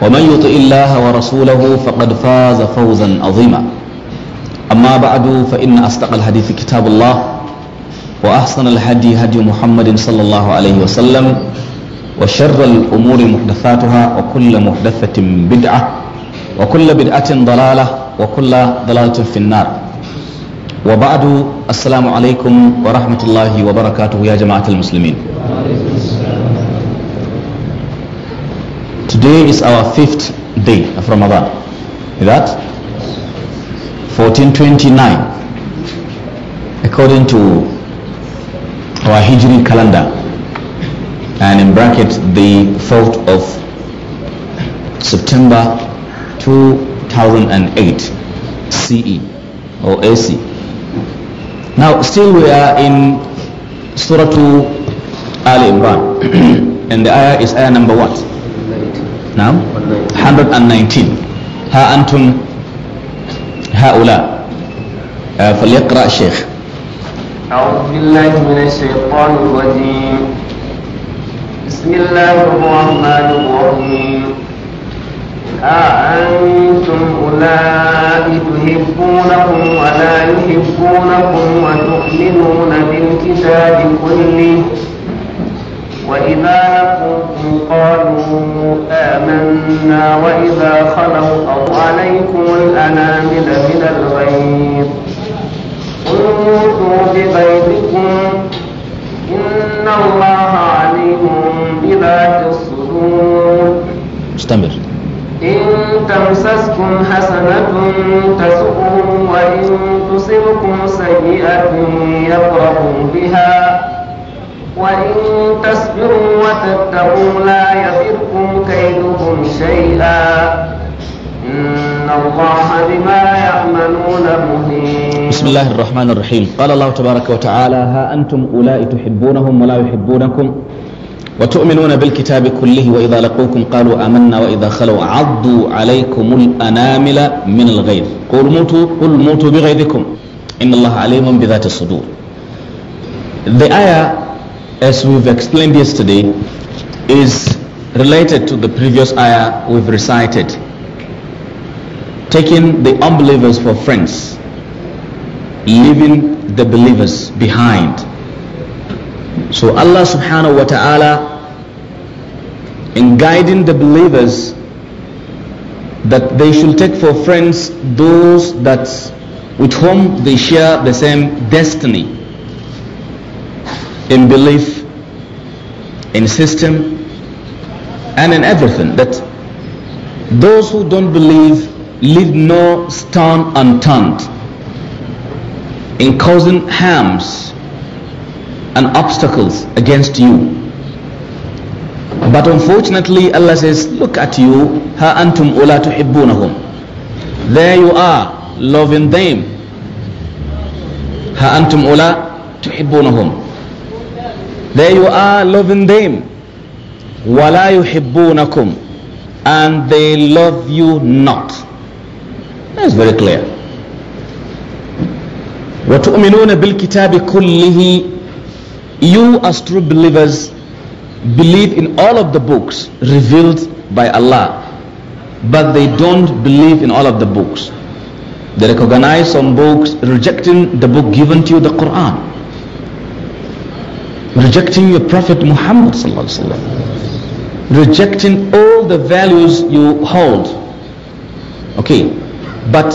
ومن يطع الله ورسوله فقد فاز فوزا عظيما أما بعد فإن أصدق الحديث كتاب الله وأحسن الهدي هدي محمد صلى الله عليه وسلم وشر الأمور محدثاتها وكل محدثة بدعة وكل بدعة ضلالة وكل ضلالة في النار وبعد السلام عليكم ورحمة الله وبركاته يا جماعة المسلمين today is our fifth day of Ramadan. Is that? 1429 according to our Hijri calendar and in bracket the 4th of September 2008 CE or AC. Now still we are in Surah 2 Imran and the ayah is ayah number 1. نعم 119 ها أنتم هؤلاء آه، فليقرأ الشيخ أعوذ بالله من الشيطان الرجيم بسم الله الرحمن الرحيم ها أنتم أولئك تحبونهم ولا يحبونكم وتؤمنون بالكتاب كله وإذا لقوكم قالوا آه، منا وإذا خلوا أو عليكم الأنامل من الغيظ انظروا ببيتكم إن الله عليم بذات الصدور استمر إن تمسسكم حسنة تسؤهم وإن تصبكم سيئة يفرحوا بها وإن تصبروا وتتقوا لا يضركم كيدهم شيئا إن الله بما يعملون مهين بسم الله الرحمن الرحيم قال الله تبارك وتعالى ها أنتم أولاء تحبونهم ولا يحبونكم وتؤمنون بالكتاب كله وإذا لقوكم قالوا آمنا وإذا خلوا عضوا عليكم الأنامل من الغيظ قل موتوا قل موتوا بغيظكم إن الله عليم بذات الصدور The ayah as we've explained yesterday, is related to the previous ayah we've recited. Taking the unbelievers for friends, leaving the believers behind. So Allah subhanahu wa ta'ala in guiding the believers that they should take for friends those that with whom they share the same destiny in belief, in system, and in everything. That those who don't believe leave no stone unturned in causing harms and obstacles against you. But unfortunately, Allah says, Look at you, ha antum ula tuhibbunahum. There you are, loving them. Ha antum ula tuhibbunahum. There you are loving them. وَلَا يُحِبُّونَكُمْ And they love you not. That's very clear. وَتُؤْمِنُونَ kitabi كُلِّهِ You as true believers believe in all of the books revealed by Allah. But they don't believe in all of the books. They recognize some books rejecting the book given to you, the Quran rejecting your Prophet Muhammad rejecting all the values you hold okay but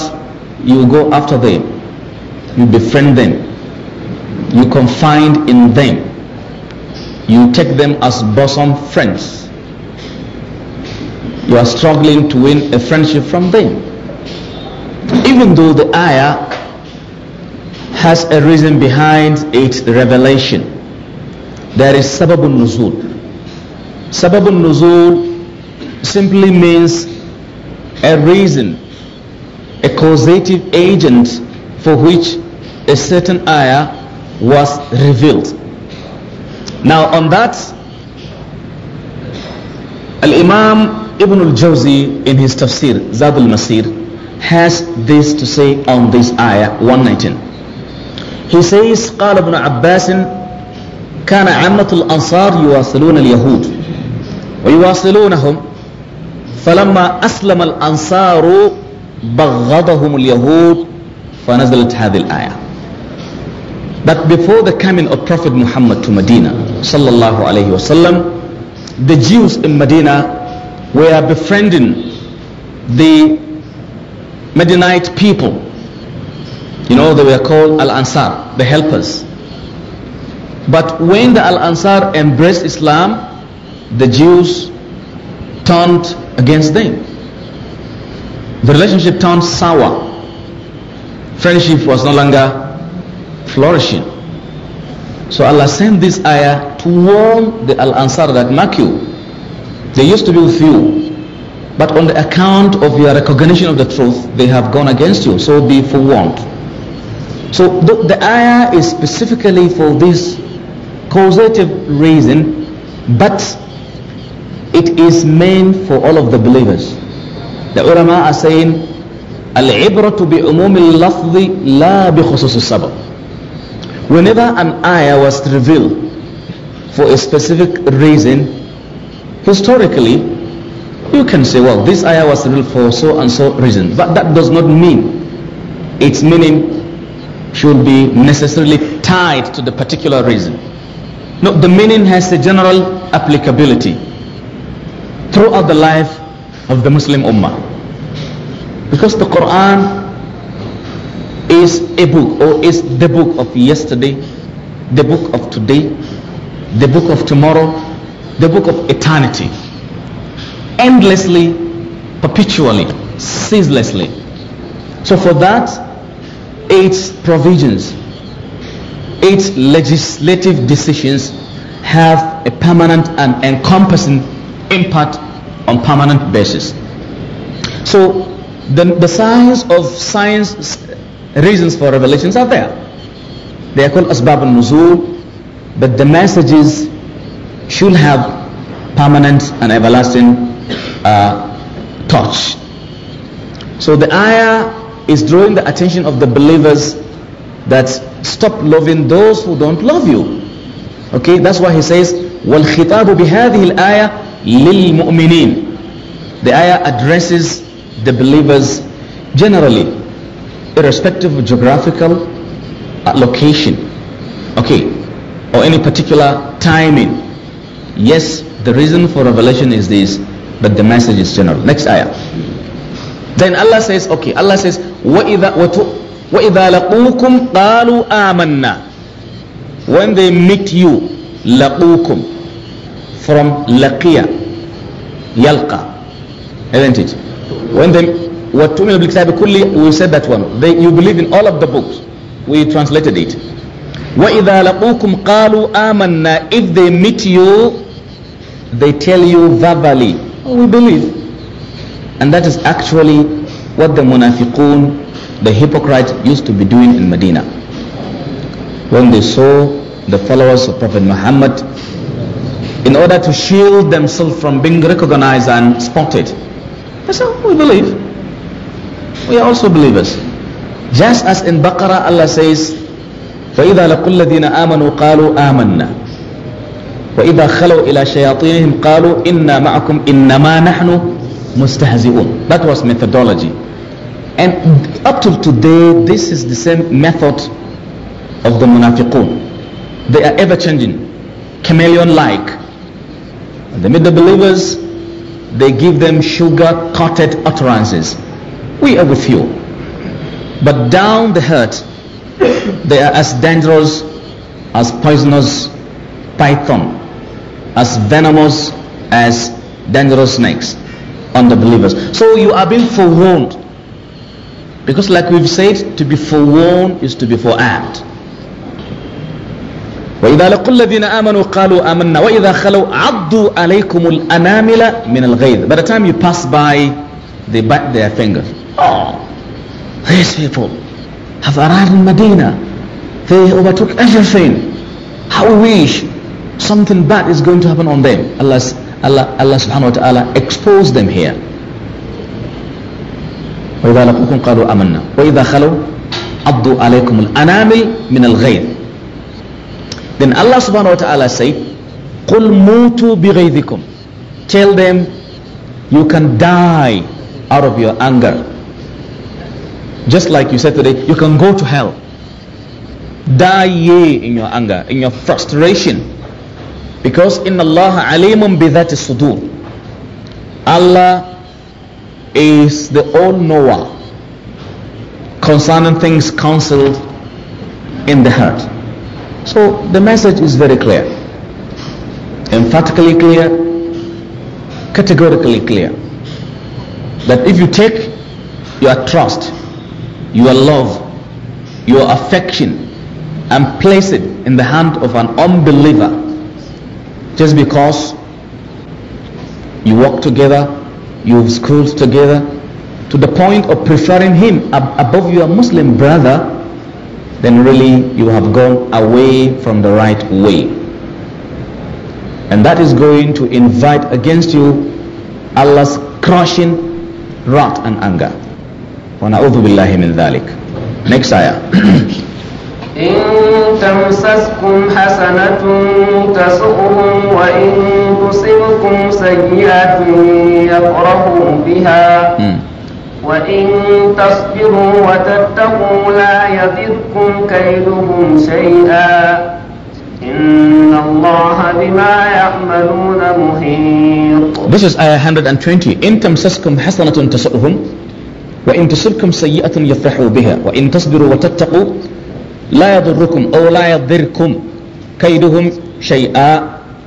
you go after them you befriend them you confide in them you take them as bosom friends you are struggling to win a friendship from them even though the ayah has a reason behind its revelation there is sababun nuzul. Sababun nuzul simply means a reason, a causative agent for which a certain ayah was revealed. Now on that, Al-Imam Ibn al-Jawzi in his tafsir, Zad al-Masir, has this to say on this ayah 119. He says, قال ابن عباس كان عامة الأنصار يواصلون اليهود ويواصلونهم فلما أسلم الأنصار بغضهم اليهود فنزلت هذه الآية But before the coming of Prophet Muhammad to Medina صلى الله عليه وسلم the Jews in Medina were befriending the Medinite people. You know, they were called Al-Ansar, the helpers. But when the Al Ansar embraced Islam, the Jews turned against them. The relationship turned sour. Friendship was no longer flourishing. So Allah sent this ayah to warn the Al Ansar that mark you. They used to be with you, but on the account of your recognition of the truth, they have gone against you. So be forewarned. So the, the ayah is specifically for this causative reason, but it is meant for all of the believers. The ulama are saying, العبرة بعموم اللفظ لا بخصوص السبب. Whenever an ayah was revealed for a specific reason, historically, you can say, well, this ayah was revealed for so and so reason. But that does not mean its meaning should be necessarily tied to the particular reason. No, the meaning has a general applicability throughout the life of the Muslim Ummah. Because the Quran is a book or is the book of yesterday, the book of today, the book of tomorrow, the book of eternity. Endlessly, perpetually, ceaselessly. So for that, its provisions its legislative decisions have a permanent and encompassing impact on permanent basis. So the, the science of science reasons for revelations are there. They are called asbab al-nuzul, but the messages should have permanent and everlasting uh, touch. So the ayah is drawing the attention of the believers that stop loving those who don't love you. Okay, that's why he says, وَالْخِطَابُ بِهَذِهِ الْآيَةِ لِلْمُؤْمِنِينَ The ayah addresses the believers generally, irrespective of geographical uh, location, okay, or any particular timing. Yes, the reason for revelation is this, but the message is general. Next ayah. Then Allah says, okay, Allah says, وَإِذَا wa idza laqukum qalu amanna when they meet you laqukum from laqiya yalqa isn't it when they what to the kulli we said that one they, you believe in all of the books we translated it Wa idza laqukum qalu amanna If they meet you, they tell you verbally, oh, we believe. And that is actually what the munafiqun the hypocrites used to be doing in Medina. When they saw the followers of Prophet Muhammad, in order to shield themselves from being recognized and spotted, they said, We believe. We are also believers. Just as in Baqarah, Allah says, فإذا لقوا الذين آمنوا قالوا آمنا وإذا خلوا إلى شياطينهم قالوا إنا معكم إنما نحن مستهزئون That was methodology. And up till today, this is the same method of the munafiqun. They are ever changing, chameleon-like. They meet the believers, they give them sugar-coated utterances. We are with you. But down the hurt, they are as dangerous as poisonous python, as venomous as dangerous snakes on the believers. So you are being forewarned Because, like we've said, to be forewarned is to be forearmed. وإذا لقوا الذين آمنوا قالوا آمنا وإذا خلوا عضوا عليكم الأنامل من الغيظ By the time you pass by, they bite their finger. Oh, these people have arrived in Medina. They overtook everything. How wish something bad is going to happen on them. Allah, Allah, Allah subhanahu wa ta'ala exposed them here. وإذا لقوكم قالوا آمنا وإذا خلوا عضوا عليكم الأنامل من الغيظ Then Allah subhanahu wa ta'ala say قُلْ مُوتُوا بِغَيْذِكُمْ Tell them, you can die out of your anger. Just like you said today, you can go to hell. Die ye in your anger, in your frustration. Because إن الله عليم بذات الصدور Allah is the all-knower concerning things counseled in the heart. So the message is very clear, emphatically clear, categorically clear. That if you take your trust, your love, your affection, and place it in the hand of an unbeliever, just because you walk together you've schooled together to the point of preferring him ab above your Muslim brother, then really you have gone away from the right way. And that is going to invite against you Allah's crushing wrath and anger. Next ayah. إن تمسسكم حسنة تسؤهم وإن تصبكم سيئة يفرحوا بها وإن تصبروا وتتقوا لا يضركم كيدهم شيئا This is ayah 120 In إن wa in tusirkum sayyatun yafrahu biha wa in tasbiru wa tattaqu لا يضركم أو لا يضركم كيدهم شيئا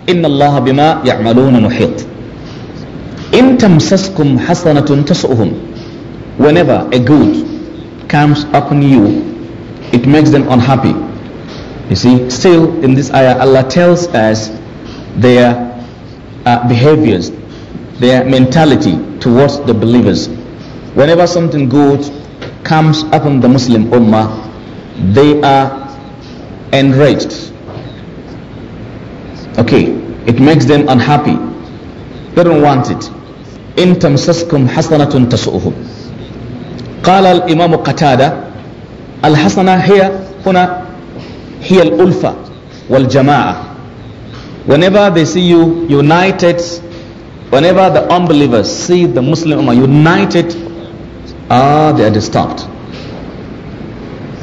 إن الله بما يعملون محيط إن تمسسكم حسنة تسؤهم whenever a good comes upon you it makes them unhappy you see still in this ayah Allah tells us their uh, behaviors their mentality towards the believers whenever something good comes upon the Muslim Ummah they are enraged. Okay, it makes them unhappy. They don't want it. إن تمسسكم حسنة تسؤهم قال الإمام قتادة الحسنة هي هنا هي الألفة والجماعة whenever they see you united whenever the unbelievers see the Muslim Ummah united ah they are disturbed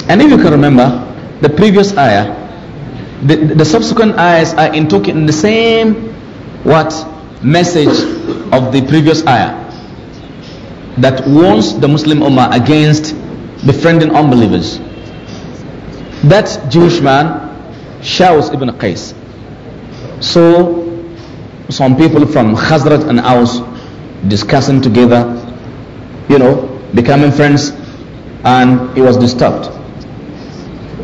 and if you can remember the previous ayah, the, the subsequent ayahs are in talking the same what message of the previous ayah that warns the Muslim Ummah against befriending unbelievers. That Jewish man, even ibn Qais. So some people from Khazrat and Aus discussing together, you know, becoming friends, and he was disturbed.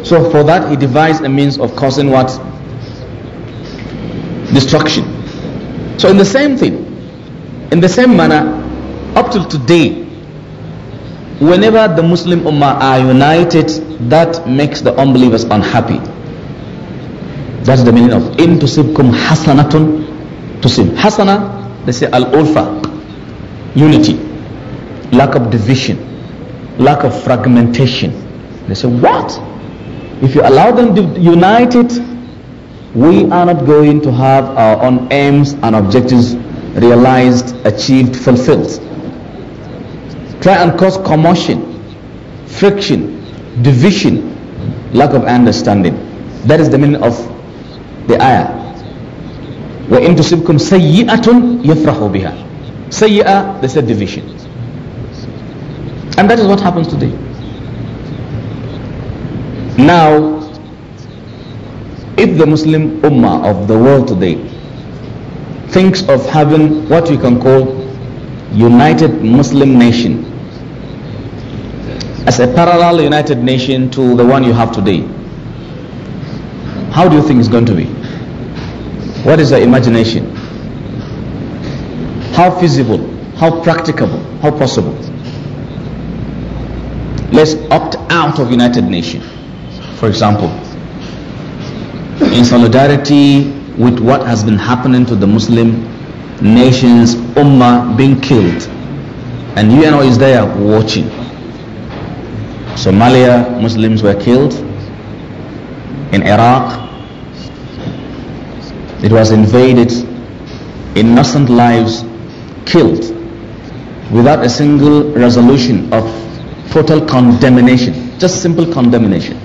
So for that, he devised a means of causing what? Destruction. So in the same thing, in the same manner, up till today, whenever the Muslim Ummah are united, that makes the unbelievers unhappy. That's the meaning of in tusibkum hasanatun tusib. Hasana, they say al-ulfa, unity, lack of division, lack of fragmentation. They say, what? If you allow them to unite it, we are not going to have our own aims and objectives realized, achieved, fulfilled. Try and cause commotion, friction, division, lack of understanding. That is the meaning of the ayah. وَإِن تُصِبْكُمْ سَيِّئَةٌ يَفْرَحُوا بِهَا Sayyah, they said division. And that is what happens today. Now, if the Muslim Ummah of the world today thinks of having what we can call United Muslim Nation as a parallel United Nation to the one you have today, how do you think it's going to be? What is your imagination? How feasible? How practicable? How possible? Let's opt out of United Nations for example, in solidarity with what has been happening to the Muslim nations, Ummah being killed. And UNO is there watching. Somalia, Muslims were killed. In Iraq, it was invaded. Innocent lives killed without a single resolution of total condemnation, just simple condemnation.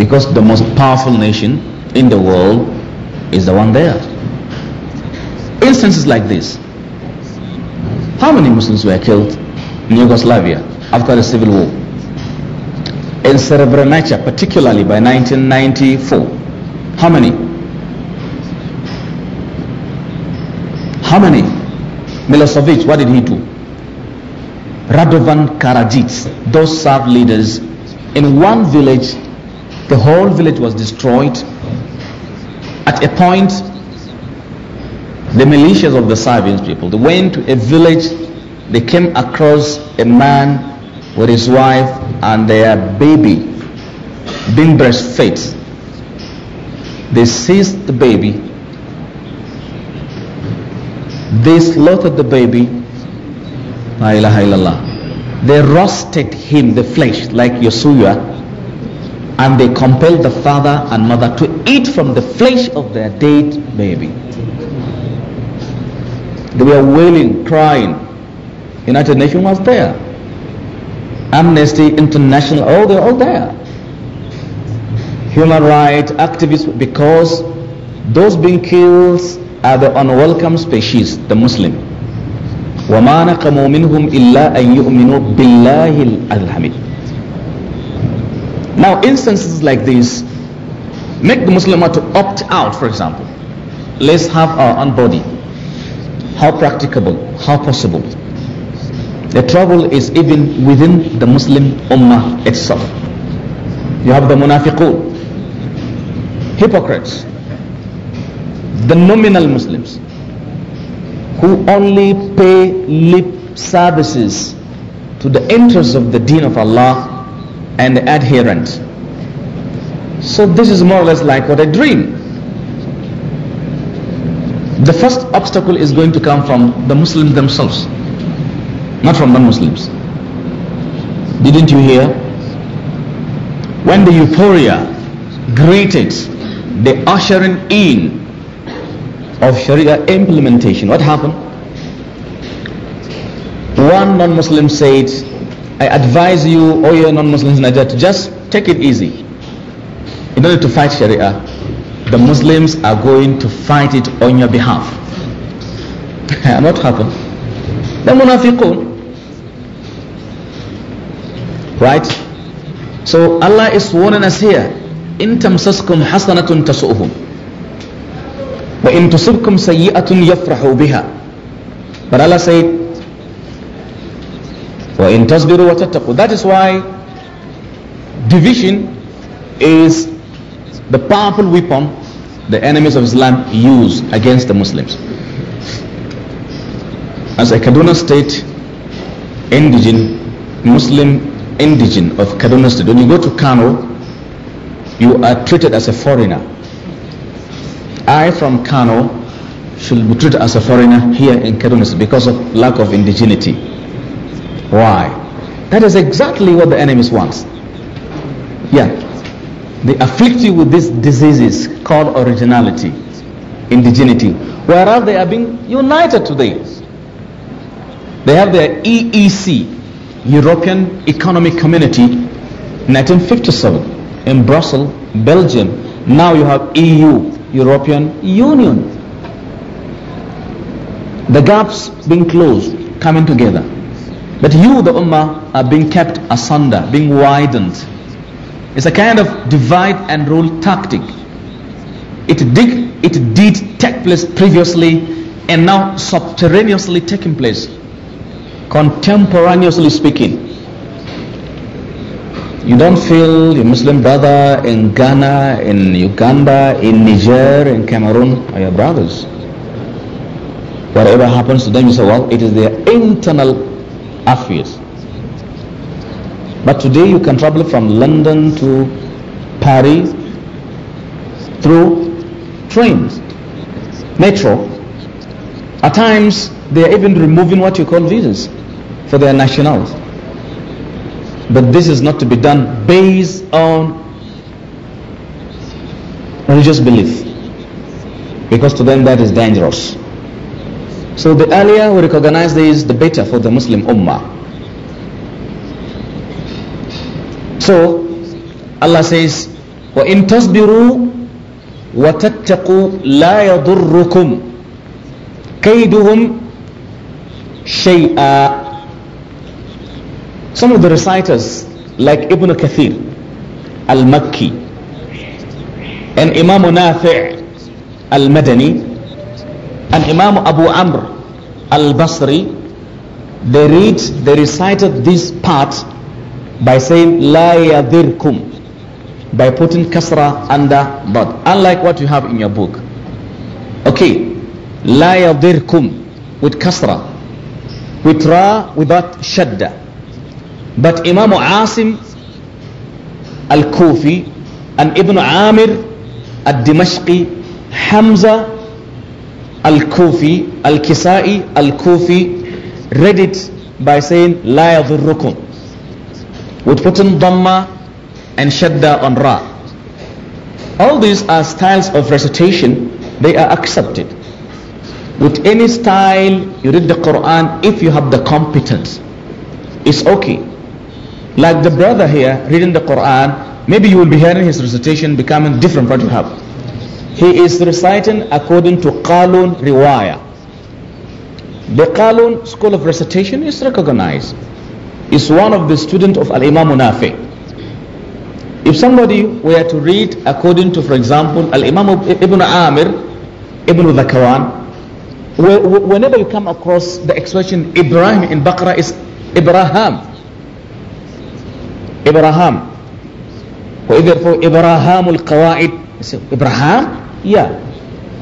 Because the most powerful nation in the world is the one there. Instances like this. How many Muslims were killed in Yugoslavia after the civil war? In Srebrenica, particularly by 1994. How many? How many? Milosevic, what did he do? Radovan Karadzic, those Serb leaders in one village the whole village was destroyed. At a point, the militias of the Serbian people, they went to a village, they came across a man with his wife and their baby being breastfed. They seized the baby, they slaughtered the baby. La ilaha illallah. They roasted him, the flesh, like Yosua and they compelled the father and mother to eat from the flesh of their dead baby. They were wailing, crying. United Nations was there. Amnesty International, oh, they're all there. Human rights activists, because those being killed are the unwelcome species, the Muslim. وما نقموا منهم إلا أن يؤمنوا بالله now, instances like this make the Muslimah to opt out, for example. Let's have our own body. How practicable? How possible? The trouble is even within the Muslim Ummah itself. You have the munafiqun, hypocrites, the nominal Muslims who only pay lip services to the interests of the deen of Allah and the adherent. So this is more or less like what I dream. The first obstacle is going to come from the Muslims themselves, not from non-Muslims. Didn't you hear? When the euphoria greeted the ushering in of Sharia implementation, what happened? One non-Muslim said, I advise you, all your non-Muslims in Nigeria, to just take it easy. In order to fight Sharia, the Muslims are going to fight it on your behalf. and what happened? The munafiqun. Right? So Allah is warning us here. In tamsaskum hasanatun tasu'hum. but in tusibkum sayyatun yafrahu biha. But Allah said, that is why division is the powerful weapon the enemies of Islam use against the Muslims. As a Kaduna State indigent, Muslim indigen of Kaduna State, when you go to Kano, you are treated as a foreigner. I from Kano should be treated as a foreigner here in Kaduna State because of lack of indigeneity. Why? That is exactly what the enemies wants. Yeah. They afflict you with these diseases called originality, indigeneity, whereas they are being united today. They have their EEC, European Economic Community, 1957, in Brussels, Belgium. Now you have EU, European Union. The gaps being closed, coming together. But you, the Ummah, are being kept asunder, being widened. It's a kind of divide and rule tactic. It did, it did take place previously and now subterraneously taking place, contemporaneously speaking. You don't feel your Muslim brother in Ghana, in Uganda, in Niger, in Cameroon are your brothers. Whatever happens to them, you say, well, it is their internal obvious. But today you can travel from London to Paris through trains, metro. At times they are even removing what you call visas for their nationals. But this is not to be done based on religious belief. Because to them that is dangerous. So the earlier we recognize this, the better for the Muslim Ummah. So Allah says, وَإِن تَصْبِرُوا وَتَتَّقُوا لَا يَضُرُّكُمْ كَيْدُهُمْ شَيْئًا Some of the reciters, like Ibn Kathir, Al-Makki, and Imam Nafi' Al-Madani, and Imam Abu Amr al-Basri, they read, they recited this part by saying, La yadirkum, by putting kasra under but unlike what you have in your book. Okay, La yadirkum, with kasra, with ra, without shadda. But Imam Asim al-Kufi and Ibn Amir al-Dimashqi, Hamza Al-Kufi, Al-Kisai, Al-Kufi read it by saying La yadhurrukum with putting Dhamma and Shadda on Ra. All these are styles of recitation. They are accepted. With any style you read the Quran if you have the competence. It's okay. Like the brother here reading the Quran, maybe you will be hearing his recitation becoming different from what you have. He is reciting according to Qalun Riwaya. The Qalun school of recitation is recognized. It's one of the students of Al-Imam Munafi. If somebody were to read according to, for example, Al-Imam Ibn Amir, Ibn Zakawan, whenever you come across the expression Ibrahim in Baqarah is Ibrahim. Ibrahim. Or therefore Ibrahim al-Qawaid. Ibrahim. Yeah,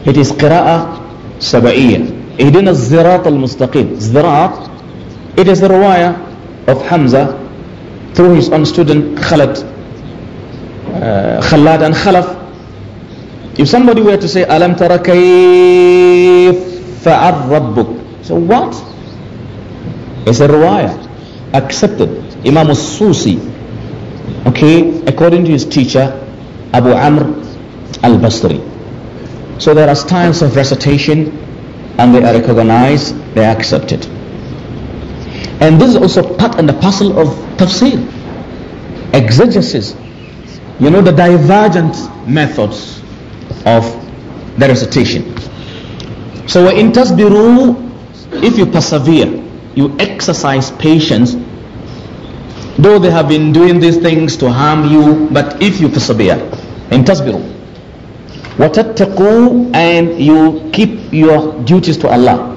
it is qira'ah sabaiyah. Ihdina zirat al-mustaqim. Zirat, it is the riwayah of Hamza through his own student Khalid, uh, Khalad and Khalaf. If somebody were to say, Alam tara kayfa'ar rabbuk. So what? It's a riwayah. Accepted. Imam al-Susi. Okay, according to his teacher, Abu Amr al-Basri. So there are styles of recitation and they are recognized, they are accepted. And this is also part and the parcel of tafsir, exegesis. You know the divergent methods of the recitation. So in tasbiru, if you persevere, you exercise patience though they have been doing these things to harm you but if you persevere in tasbiru وَتَتَّقُوا And you keep your duties to Allah.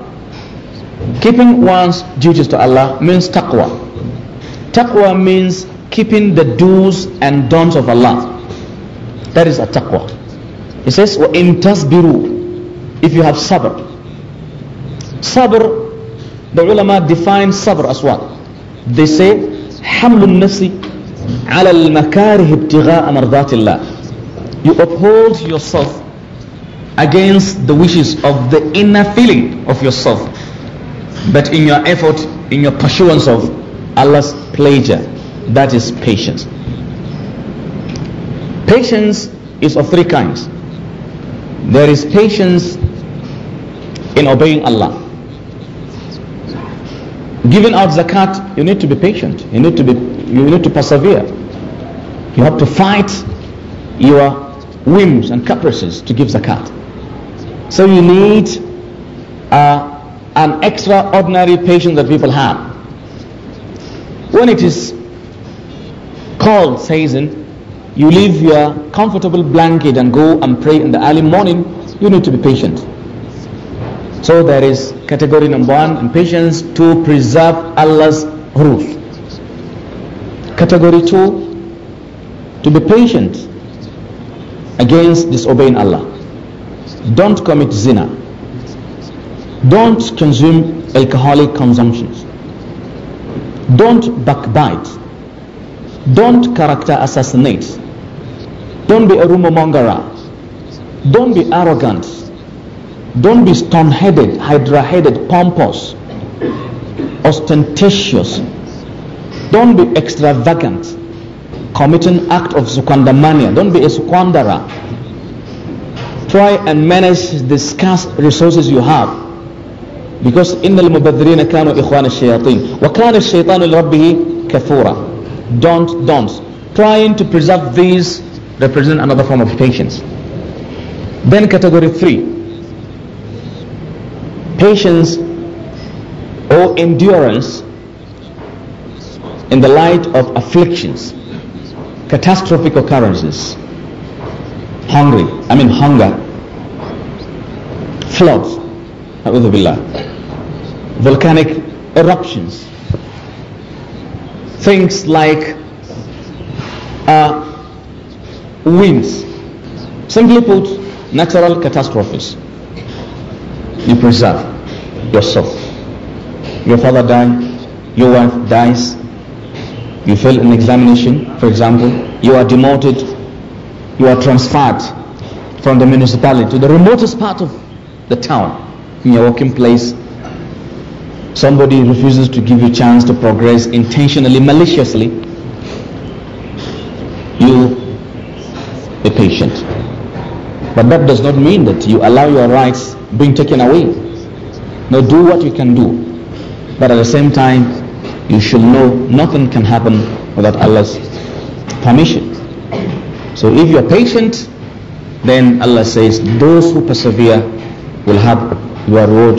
Keeping one's duties to Allah means taqwa. Taqwa means keeping the do's and don'ts of Allah. That is a taqwa. It says, "In تَصْبِرُوا If you have sabr. Sabr, the ulama define sabr as what? They say, حَمْلُ ala عَلَى الْمَكَارِهِ ابْتِغَاءَ مَرْضَاتِ اللَّهِ you uphold yourself against the wishes of the inner feeling of yourself but in your effort in your pursuance of Allah's pleasure that is patience patience is of three kinds there is patience in obeying Allah giving out zakat you need to be patient you need to be you need to persevere you have to fight your whims and caprices to give zakat. So you need uh, an extraordinary patience that people have. When it is cold season, you leave your comfortable blanket and go and pray in the early morning, you need to be patient. So there is category number one impatience patience to preserve Allah's rule. Category two, to be patient against disobeying Allah. Don't commit zina. Don't consume alcoholic consumptions. Don't backbite. Don't character assassinate. Don't be a rumor monger. Don't be arrogant. Don't be stone headed, hydra headed, pompous, ostentatious. Don't be extravagant. Committing act of squandermania. Don't be a squanderer. Try and manage the scarce resources you have. Because إن المبذرين كانوا إخوان Wa وكان الشيطان لربه كفورا Don't, don't. Trying to preserve these represent another form of patience. Then category three. Patience or endurance in the light of afflictions catastrophic occurrences hungry i mean hunger floods billah, volcanic eruptions things like uh, winds simply put natural catastrophes you preserve yourself your father dies. your wife dies you fail an examination, for example, you are demoted, you are transferred from the municipality to the remotest part of the town, in your working place. Somebody refuses to give you a chance to progress intentionally, maliciously. You be patient. But that does not mean that you allow your rights being taken away. Now do what you can do. But at the same time, you should know nothing can happen without Allah's permission. So if you're patient, then Allah says, those who persevere will have your reward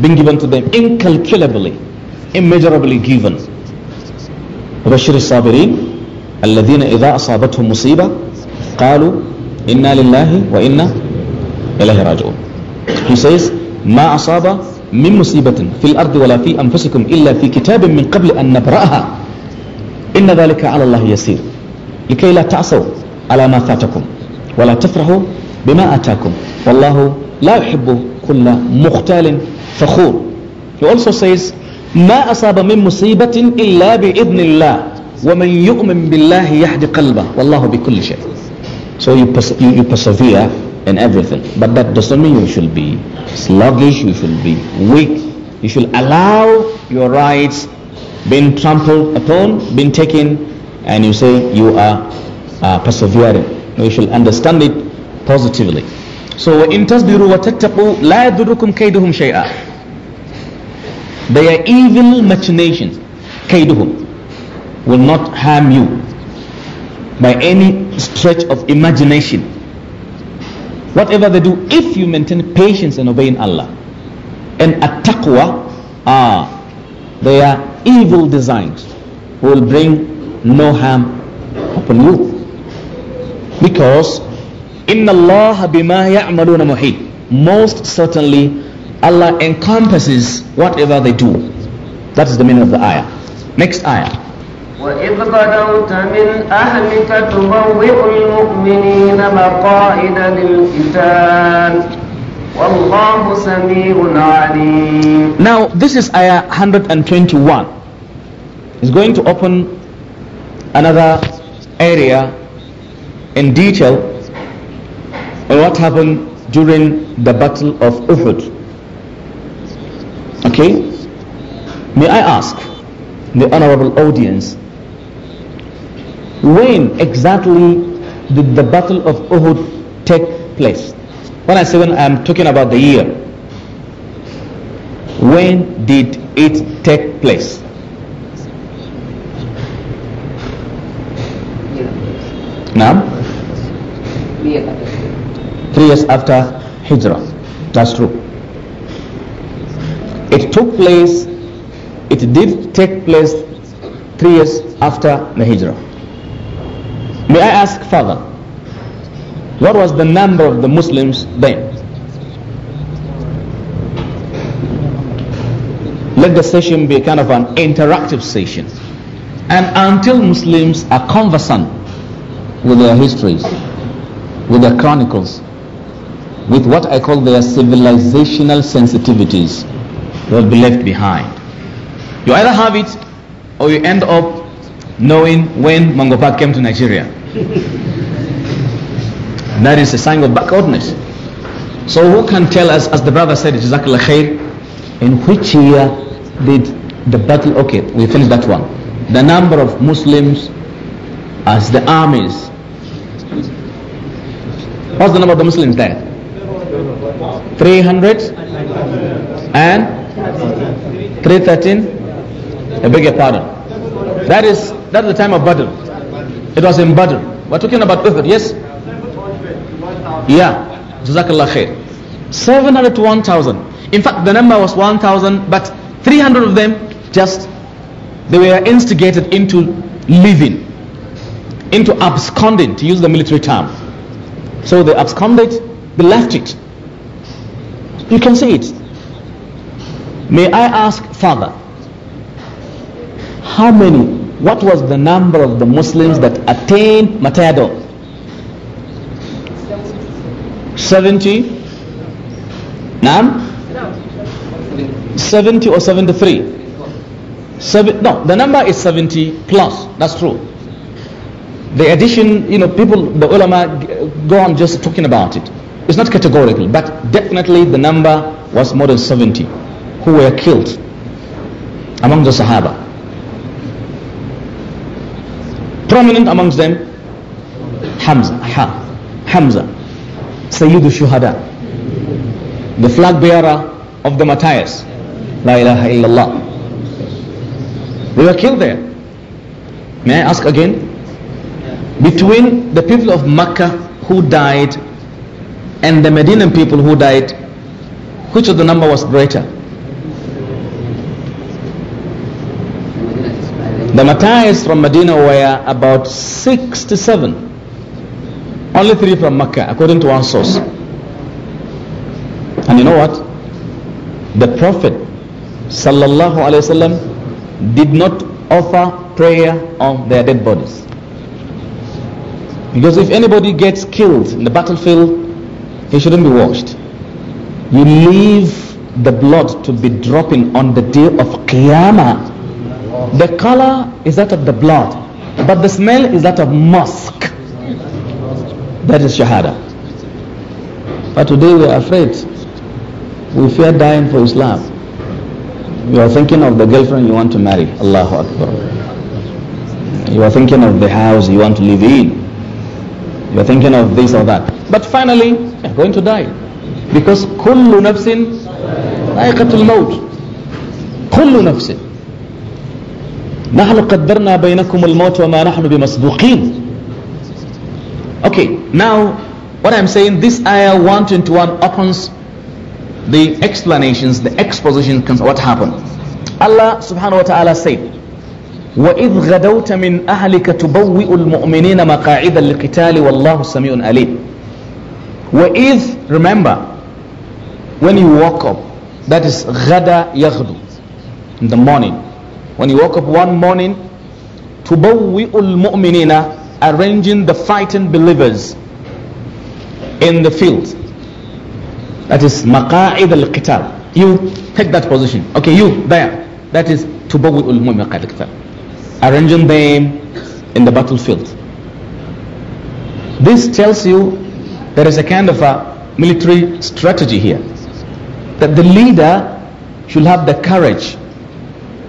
being given to them incalculably, immeasurably given. وبشر الصابرين الذين إذا أصابتهم مصيبة قالوا إنا لله وإنا إليه راجعون. He says, ما أصاب من مصيبة في الأرض ولا في أنفسكم إلا في كتاب من قبل أن نبرأها إن ذلك على الله يسير لكي لا تعصوا على ما فاتكم ولا تفرحوا بما أتاكم والله لا يحب كل مختال فخور He also says ما أصاب من مصيبة إلا بإذن الله ومن يؤمن بالله يهدي قلبه والله بكل شيء So you, you persevere and everything. But that doesn't mean you should be sluggish, you should be weak. You should allow your rights being trampled upon, being taken, and you say you are uh, persevering. You should understand it positively. So in tasbiru wa tattaqu la yadurukum kaiduhum shay'a. Their evil machinations, kaiduhum, will not harm you by any stretch of imagination whatever they do, if you maintain patience and obeying Allah. And at taqwa are their evil designs will bring no harm upon you. Because Inna Allah bima ya'maluna muhit. Most certainly Allah encompasses whatever they do. That is the meaning of the ayah. Next ayah. وإذ غدوت من أهلك تبوئ المؤمنين مقاعد للقتال والله سميع عليم Now this is ayah 121 It's going to open another area in detail on what happened during the battle of Uhud Okay? May I ask the honorable audience when exactly did the Battle of Uhud take place? When I say when, I'm talking about the year. When did it take place? Now? Three years after Hijrah. That's true. It took place, it did take place three years after the Hijrah. May I ask, Father, what was the number of the Muslims then? Let the session be kind of an interactive session. And until Muslims are conversant with their histories, with their chronicles, with what I call their civilizational sensitivities, they'll be left behind. You either have it or you end up knowing when Mangopak came to Nigeria that is a sign of backwardness. So who can tell us, as the brother said, Jazakallah khair, in which year did the battle, okay, we finished that one. The number of Muslims as the armies. What's the number of the Muslims there? 300 and 313? I beg your pardon. That is, that's the time of battle. It was in Badr. We're talking about Uhud, yes? Yeah. Jazakallah khair. 700 to 1,000. In fact, the number was 1,000, but 300 of them just, they were instigated into leaving, into absconding, to use the military term. So they absconded, they left it. You can see it. May I ask, Father, how many what was the number of the Muslims that attained martyrdom? 70? Nam. 70 or 73? Seven, no, the number is 70 plus. That's true. The addition, you know, people, the ulama go on just talking about it. It's not categorical, but definitely the number was more than 70 who were killed among the Sahaba. prominent amongst them? Hamza. Ha, Hamza. Sayyidu Shuhada. The flag bearer of the martyrs. La ilaha illallah. They were killed there. May I ask again? Between the people of Makkah who died and the Medinan people who died, which of the number was greater? The Matayis from Medina were about 67. Only three from Mecca, according to one source. And you know what? The Prophet sallallahu alaihi wasallam did not offer prayer on their dead bodies. Because if anybody gets killed in the battlefield, he shouldn't be washed. You leave the blood to be dropping on the day of Qiyamah the color is that of the blood, but the smell is that of musk. That is Shahada. But today we are afraid. We fear dying for Islam. You are thinking of the girlfriend you want to marry. Allahu Akbar. You are thinking of the house you want to live in. You are thinking of this or that. But finally, you are going to die. Because كل nafsin ذائقة maut, كل nafsin. نحن قدرنا بينكم الموت وما نحن بمسبوقين okay now what I'm saying this ayah 121 opens the explanations the exposition what happened Allah subhanahu wa ta'ala said وإذ غدوت من أهلك تبوئ المؤمنين مقاعد للقتال والله سميع عليم وإذ remember when you woke up that is غدا يغدو in the morning When you woke up one morning, تُبَوِّئُ Mu'minina Arranging the fighting believers in the field. That al مَقَاعِدَ الْقِتَالِ You take that position. Okay, you, there. That is تُبَوِّئُ al مَقَاعِدَ الْقِتَالِ Arranging them in the battlefield. This tells you there is a kind of a military strategy here. That the leader should have the courage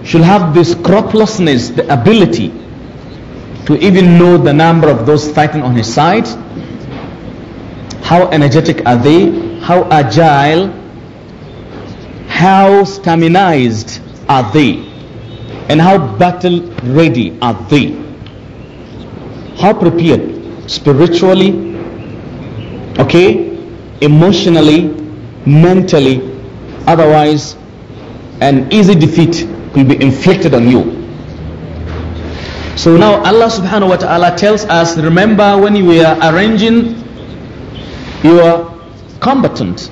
should have the scrupulousness, the ability to even know the number of those fighting on his side. How energetic are they? How agile? How staminized are they? And how battle ready are they? How prepared spiritually, okay, emotionally, mentally, otherwise, an easy defeat will be inflicted on you. So now Allah subhanahu wa ta'ala tells us, remember when you were arranging your combatant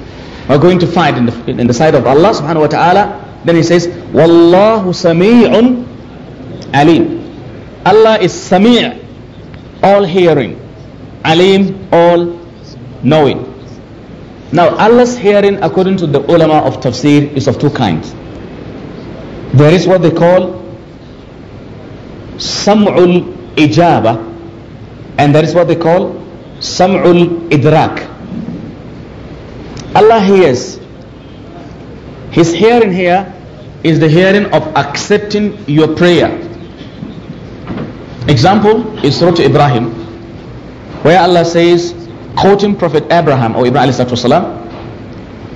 are going to fight in the, in the sight of Allah subhanahu wa ta'ala, then he says, Wallahu sami'un alim. Allah is sami' all hearing, alim all knowing. Now Allah's hearing according to the ulama of tafsir is of two kinds there is what they call sam'ul ijaba and there is what they call sam'ul idrak Allah hears his hearing here is the hearing of accepting your prayer example is to Ibrahim where Allah says quoting Prophet Abraham or Ibrahim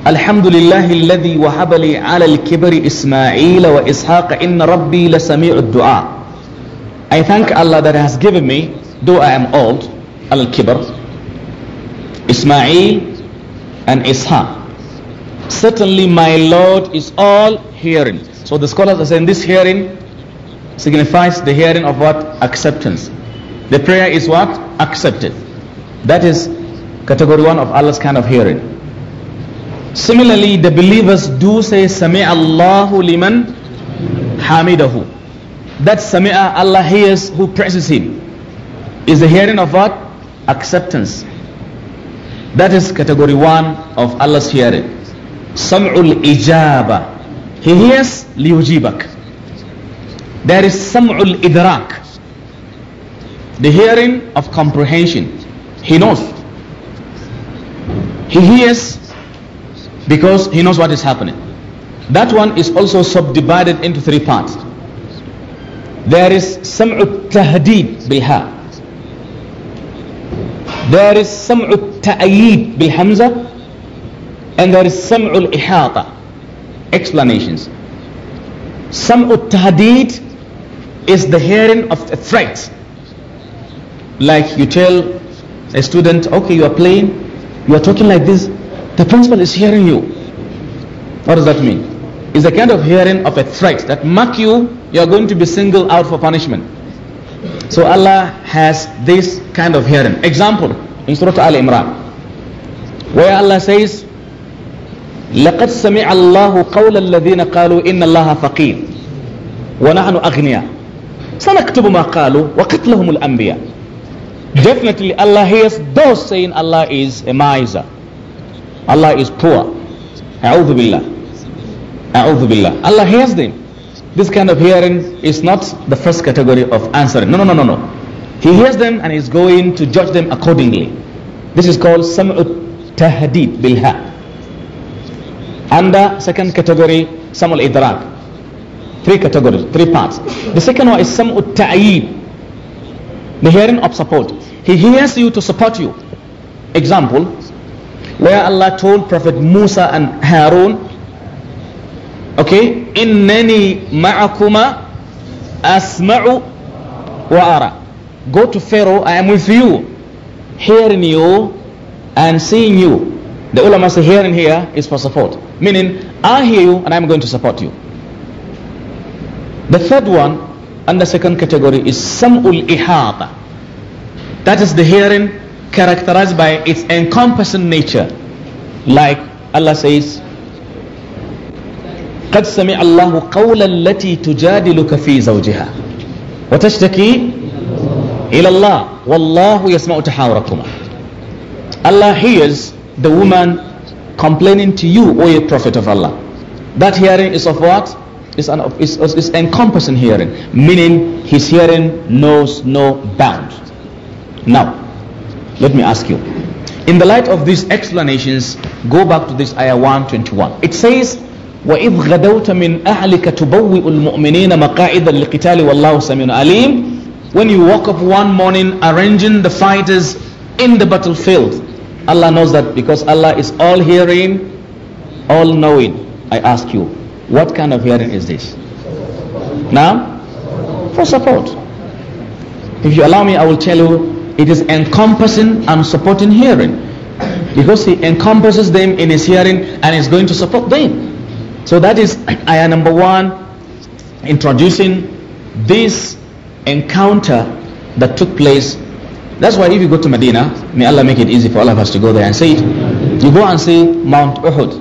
الحمد لله الذي وهب لي على الكبر إسماعيل وإسحاق إن ربي لسميع الدعاء I thank Allah that has given me though I am old al-kibr Ismail and Ishaq certainly my Lord is all hearing so the scholars are saying this hearing signifies the hearing of what acceptance the prayer is what accepted that is category one of Allah's kind of hearing Similarly, the believers do say Sami Allahu liman hamidahu. That Sami'a Allah hears who praises him is the hearing of what? Acceptance. That is category one of Allah's hearing. Sam'ul ijaba. He hears liyujibak. There is sam'ul idrak. The hearing of comprehension. He knows. He hears because he knows what is happening. That one is also subdivided into three parts. There is sam'u tahdid biha. There is sam'u ta'ayid bilhamza. and there is sam'u ihata explanations. Sam'u tahdid is the hearing of a threat. Like you tell a student, okay, you are playing, you are talking like this, the principal is hearing you. What does that mean? It's a kind of hearing of a threat that mark you, you are going to be singled out for punishment. So Allah has this kind of hearing. Example in Surah Al Imran, where Allah says, لقد سمع الله قول الذين قالوا إن الله فقير ونحن أغنياء سنكتب ما قالوا وقتلهم الأنبياء Definitely Allah hears those saying Allah is a miser Allah is poor. A'udhu billah. A'udhu billah. Allah hears them. This kind of hearing is not the first category of answering. No, no, no, no, no. He hears them and is going to judge them accordingly. This is called sam'u tahdid bilha. Under second category, samul idrak. Three categories, three parts. The second one is sam'u ta'yid. The hearing of support. He hears you to support you. Example, where Allah told Prophet Musa and Harun, okay, innani ma'akuma asma'u wa'ara. Go to Pharaoh, I am with you, hearing you and seeing you. The ulama say hearing here is for support, meaning I hear you and I'm going to support you. The third one and the second category is sam'ul ihata. That is the hearing characterized by its encompassing nature. Like Allah says, قد سمع الله قولا التي تجادلك في زوجها وتشتكي إلى الله والله يسمع تحاوركما Allah hears the woman complaining to you, O ye Prophet of Allah. That hearing is of what? It's, an, it's, it's encompassing hearing, meaning his hearing knows no bound. Now, let me ask you. In the light of these explanations, go back to this ayah 121. It says, وَإِذْ غَدَوْتَ مِنْ أَهْلِكَ تُبَوِّئُ الْمُؤْمِنِينَ مَقَاعِدَ لِقِتَالِ وَاللَّهُ سَمِيعٌ عَلِيمٌ When you woke up one morning arranging the fighters in the battlefield, Allah knows that because Allah is all hearing, all knowing. I ask you, what kind of hearing is this? Now, for support. If you allow me, I will tell you it is encompassing and supporting hearing. Because he encompasses them in his hearing and is going to support them. So that is ayah number one, introducing this encounter that took place. That's why if you go to Medina, may Allah make it easy for all of us to go there and see it. You go and see Mount Uhud.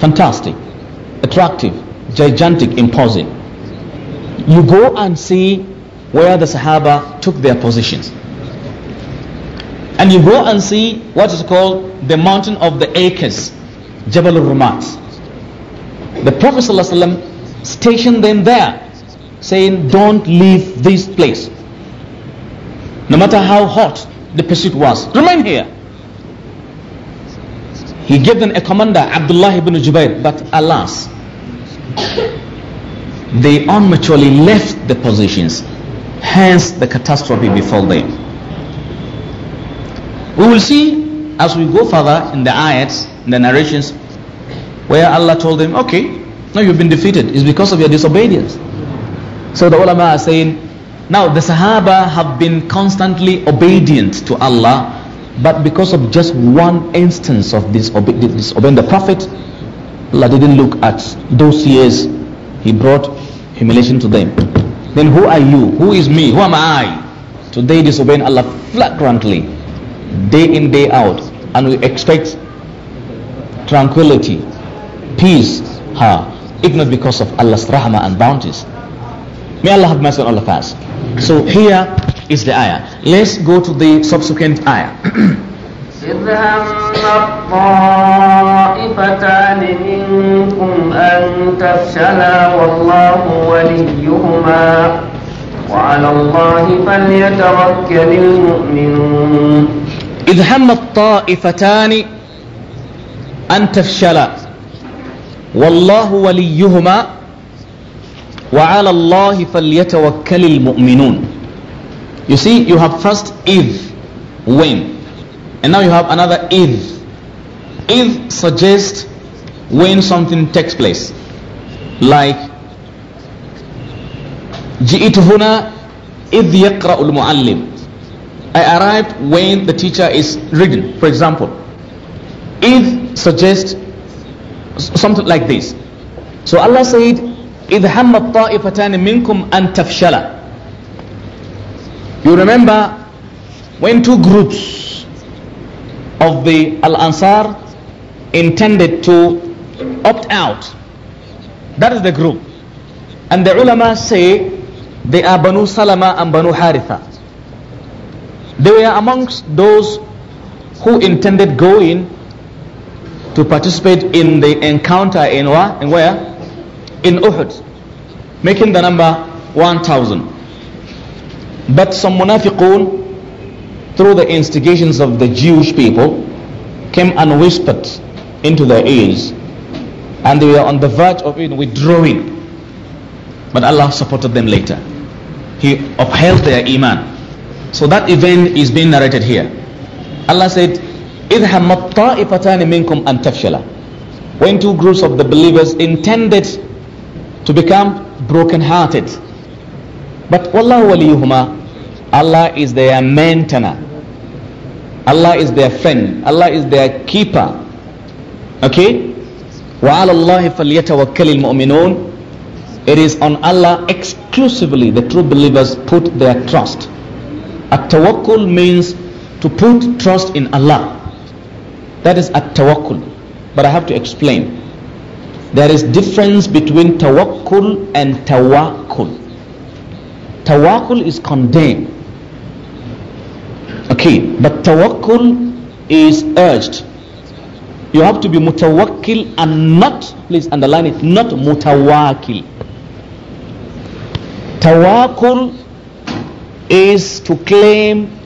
Fantastic, attractive, gigantic, imposing. You go and see where the Sahaba took their positions. And you go and see what is called the mountain of the acres, Jabal al-Rumat. The Prophet ﷺ stationed them there, saying, don't leave this place. No matter how hot the pursuit was, remain here. He gave them a commander, Abdullah ibn Jubair, but alas, they unmaturely left the positions. Hence the catastrophe befell them. We will see as we go further in the ayats, in the narrations, where Allah told them, okay, now you've been defeated. It's because of your disobedience. So the ulama are saying, now the Sahaba have been constantly obedient to Allah, but because of just one instance of disobeying the Prophet, Allah didn't look at those years. He brought humiliation to them. Then who are you? Who is me? Who am I? Today disobeying Allah flagrantly day in, day out, and we expect tranquility, peace, ha, if not because of Allah's rahmah and bounties. May Allah have mercy on all of us. So here is the ayah. Let's go to the subsequent ayah. وعلى الله فليتوكل المؤمنون إذ هم الطائفتان أن تفشلا والله وليهما وعلى الله فليتوكل المؤمنون You see, you have first if, when. And now you have another if. If suggests when something takes place. Like, جئت هنا إذ يقرأ المعلم I arrive when the teacher is reading. For example, if suggests something like this. So Allah said, "If hammat Ta'ifatani minkum أَن تَفْشَلَ You remember when two groups of the Al-Ansar intended to opt out. That is the group. And the ulama say they are Banu Salama and Banu Haritha. They were amongst those who intended going to participate in the encounter in where? In, where? in Uhud, making the number 1,000. But some munafiqun, through the instigations of the Jewish people, came and whispered into their ears, and they were on the verge of even withdrawing. But Allah supported them later. He upheld their iman. So that event is being narrated here. Allah said, إِذْ هَمَّتْ طَائِفَتَانِ When two groups of the believers intended to become broken-hearted. But وَاللَّهُ وَلِيُّهُمَا Allah is their maintainer. Allah is their friend. Allah is their keeper. Okay? وَعَلَى اللَّهِ فَلْيَتَوَكَّلِ الْمُؤْمِنُونَ It is on Allah exclusively the true believers put their trust. At-tawakkul means to put trust in Allah. That is at-tawakkul. But I have to explain. There is difference between tawakkul and tawakkul. Tawakkul is condemned. Okay, but tawakkul is urged. You have to be mutawakkil and not, please underline it, not mutawakkil. Tawakkul is to claim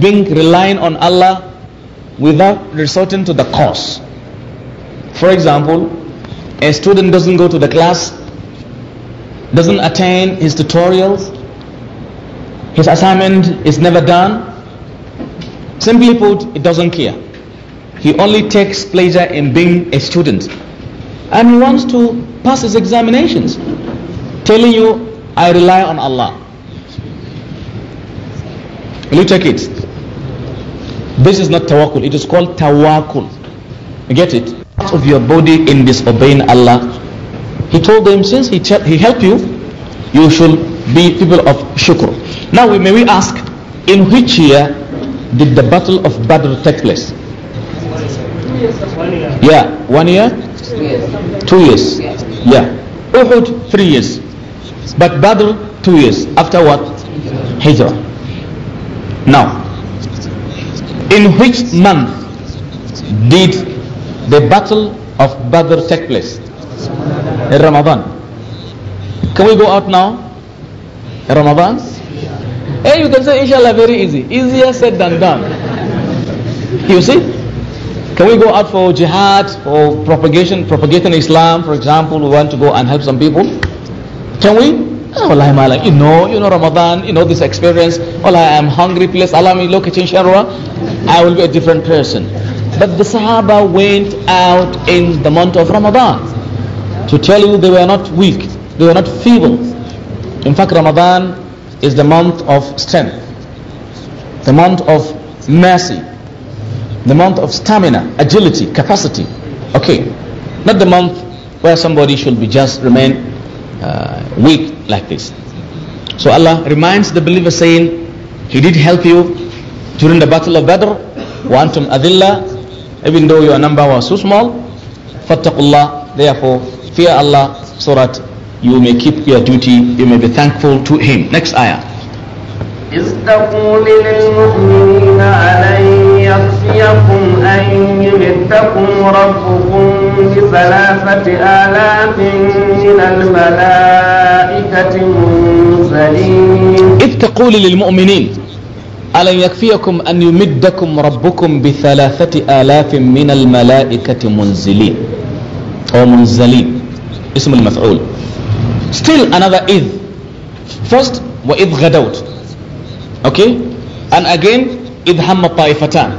being relying on Allah without resorting to the cause. For example, a student doesn't go to the class, doesn't attend his tutorials, his assignment is never done. Simply put, it doesn't care. He only takes pleasure in being a student. And he wants to pass his examinations, telling you, I rely on Allah you take it? This is not tawakul. It is called tawakul. You get it? Part of your body in disobeying Allah. He told them, since He, he helped you, you should be people of shukr. Now, we, may we ask, in which year did the battle of Badr take place? One year. Yeah, one year? Two years. Two years. Yeah. Uhud, three years. But Badr, two years. After what? Hijrah. Now, in which month did the battle of Badr take place? In Ramadan. Can we go out now? In Ramadan? Hey, you can say inshallah very easy. Easier said than done. You see? Can we go out for jihad or propagation, propagating Islam, for example, we want to go and help some people? Can we? Oh, you know, you know Ramadan, you know this experience. Allah, I'm hungry, please allow me location sharwa. I will be a different person. But the Sahaba went out in the month of Ramadan. To tell you they were not weak, they were not feeble. In fact, Ramadan is the month of strength, the month of mercy, the month of stamina, agility, capacity. Okay, not the month where somebody should be just remain uh, weak like this. So Allah reminds the believer saying, He did help you during the battle of Badr, وَأَنْتُمْ Adilla, Even though your number was so small, فَاتَّقُوا Therefore, fear Allah so that you may keep your duty, you may be thankful to Him. Next ayah. يخشيكم أن يمتكم ربكم بثلاثة آلاف من الملائكة منزلين إذ تقول للمؤمنين ألن يكفيكم أن يمدكم ربكم بثلاثة آلاف من الملائكة منزلين أو منزلين اسم المفعول still another إذ first وإذ غدوت okay and again إذ هم طائفتان.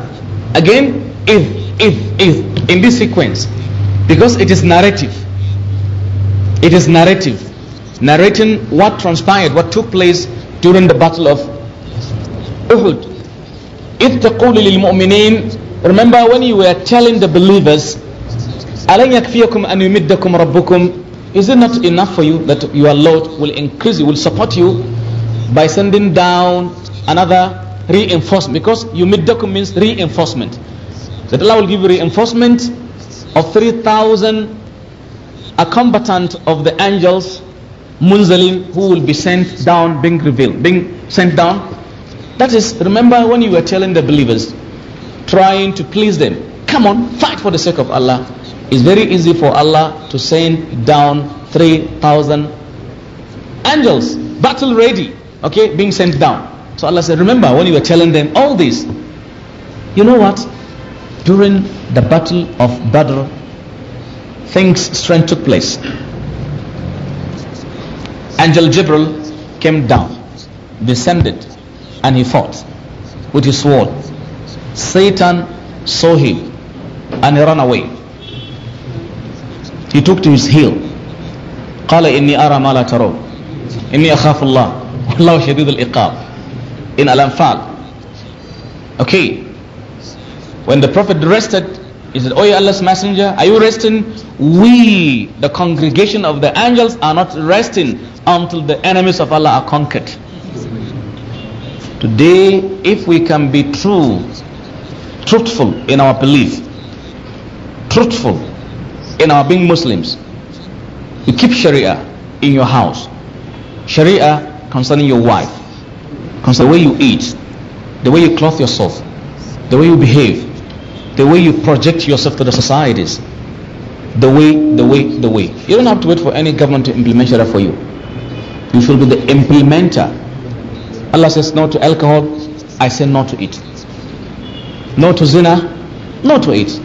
Again, إذ, إذ, إذ. In this sequence. Because it is narrative. It is narrative. Narrating what transpired, what took place during the battle of Uhud. إذ تقول للمؤمنين Remember when you were telling the believers, أَلَنْ يَكْفِيَكُمْ أَنْ يُمِدَّكُمْ رَبُّكُمْ Is it not enough for you that your Lord will increase you, will support you by sending down another reinforcement because you made documents reinforcement that Allah will give reinforcement of 3,000 a combatant of the angels munzalim who will be sent down being revealed being sent down that is remember when you were telling the believers trying to please them come on fight for the sake of Allah it's very easy for Allah to send down 3,000 angels battle ready okay being sent down so Allah said, Remember when you were telling them all this. You know what? During the battle of Badr, things strange took place. Angel Jibril came down, descended, and he fought with his sword. Satan saw him and he ran away. He took to his heel. قال إني أرى ما لا ترون إني أخاف الله والله شديد العقاب in Al Anfal. Okay. When the Prophet rested, he said, O oh, Allah's Messenger, are you resting? We, the congregation of the angels, are not resting until the enemies of Allah are conquered. Today, if we can be true, truthful in our belief, truthful in our being Muslims, you keep Sharia in your house, Sharia concerning your wife, because the way you eat, the way you clothe yourself, the way you behave, the way you project yourself to the societies, the way, the way, the way. You don't have to wait for any government to implement Sharia for you. You should be the implementer. Allah says no to alcohol, I say no to it. No to zina, no to it.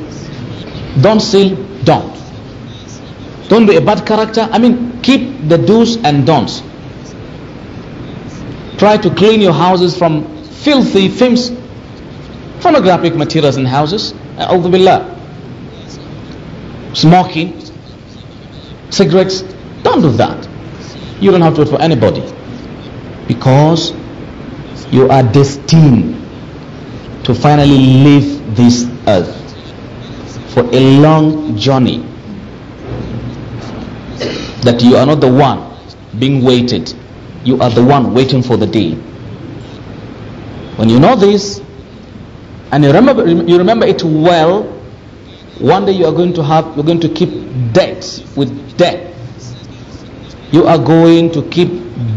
Don't steal, don't. Don't be a bad character. I mean, keep the do's and don'ts. Try to clean your houses from filthy films, pornographic materials in houses. Alhamdulillah. Smoking, cigarettes. Don't do that. You don't have to wait for anybody because you are destined to finally leave this earth for a long journey that you are not the one being waited you are the one waiting for the day. When you know this, and you remember, you remember it well, one day you are going to have, you're going to keep debt with debt. You are going to keep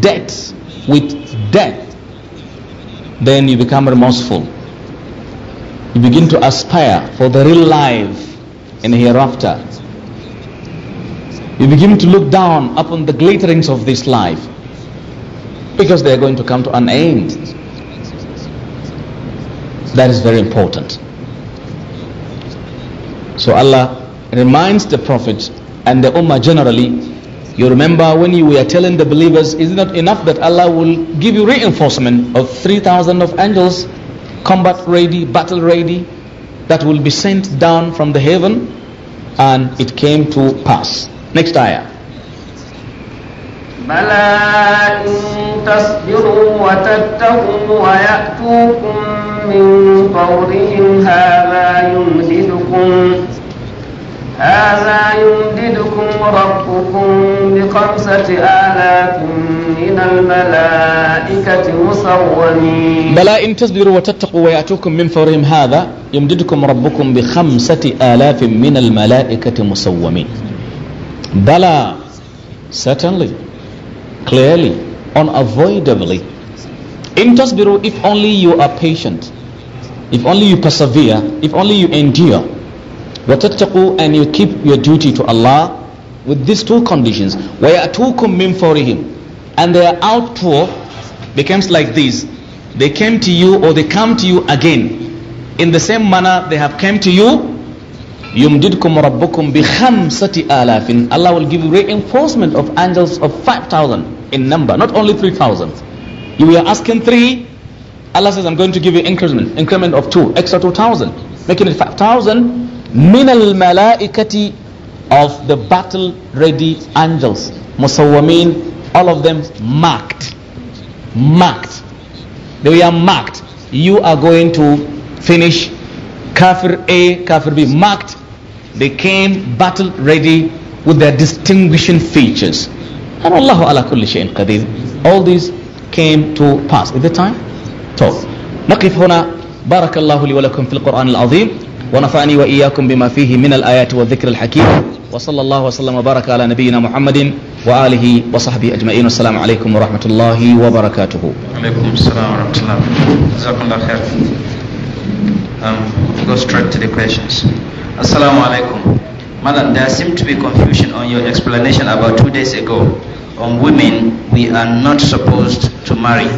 debt with debt. Then you become remorseful. You begin to aspire for the real life in hereafter. You begin to look down upon the glitterings of this life because they are going to come to an end. That is very important. So Allah reminds the Prophet and the Ummah generally. You remember when you were telling the believers, is it not enough that Allah will give you reinforcement of 3,000 of angels, combat ready, battle ready, that will be sent down from the heaven? And it came to pass. Next ayah. بلى إن تصبروا وتتقوا ويأتوكم من فورهم هذا يمددكم هذا يمددكم ربكم بخمسة آلاف من الملائكة مسومين بلى إن تصبروا وتتقوا ويأتوكم من فورهم هذا يمددكم ربكم بخمسة آلاف من الملائكة مسومين بلى certainly clearly, unavoidably. In tasbiru, if only you are patient, if only you persevere, if only you endure, وَتَتَّقُوا and you keep your duty to Allah with these two conditions. وَيَأْتُوكُمْ مِنْ فَوْرِهِمْ And their outpour becomes like this. They came to you or they come to you again in the same manner they have come to you yumdidkum rabbukum bi khamsati Allah will give you reinforcement of angels of 5,000 in number not only 3,000 you are asking 3 Allah says I'm going to give you increment increment of 2 extra 2,000 making it 5,000 min al malaikati of the battle ready angels musawwamin all of them marked marked they are marked you are going to finish kafir A, kafir B, marked became battle ready with their distinguishing features. And Allahu ala kulli shayin qadir. All these came to pass. Is the time? So, نقف هنا بارك الله لي ولكم في القرآن العظيم ونفعني وإياكم بما فيه من الآيات والذكر الحكيم وصلى الله وسلم وبارك على نبينا محمد وآله وصحبه أجمعين والسلام عليكم ورحمة الله وبركاته عليكم السلام ورحمة الله جزاكم الله خير um, go straight to the questions Assalamu alaikum. Madam, there seemed to be confusion on your explanation about two days ago on women we are not supposed to marry.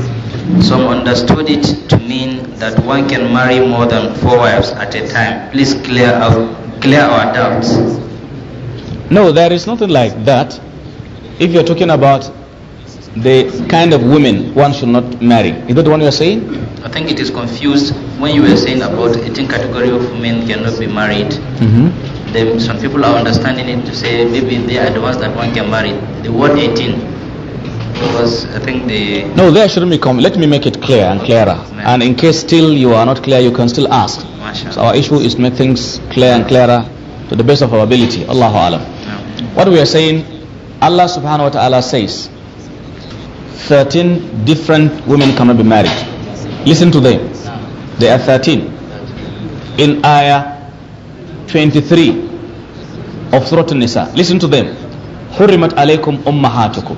Some understood it to mean that one can marry more than four wives at a time. Please clear our clear our doubts. No, there is nothing like that. If you're talking about the kind of women one should not marry. Is that the one you are saying? I think it is confused when you were saying about 18 category of men cannot be married. Mm-hmm. Then some people are understanding it to say maybe they are the ones that one can marry. The word 18 because I think the no, there shouldn't be com. Let me make it clear and clearer. And in case still you are not clear, you can still ask. So our issue is to make things clear and clearer to the best of our ability. Allahu Alam. What we are saying, Allah Subhanahu wa Taala says. 13 different women cannot be married. Listen to them. They are 13. In ayah 23 of Surah nisa Listen to them. Hurrimat alaykum ummahatukum.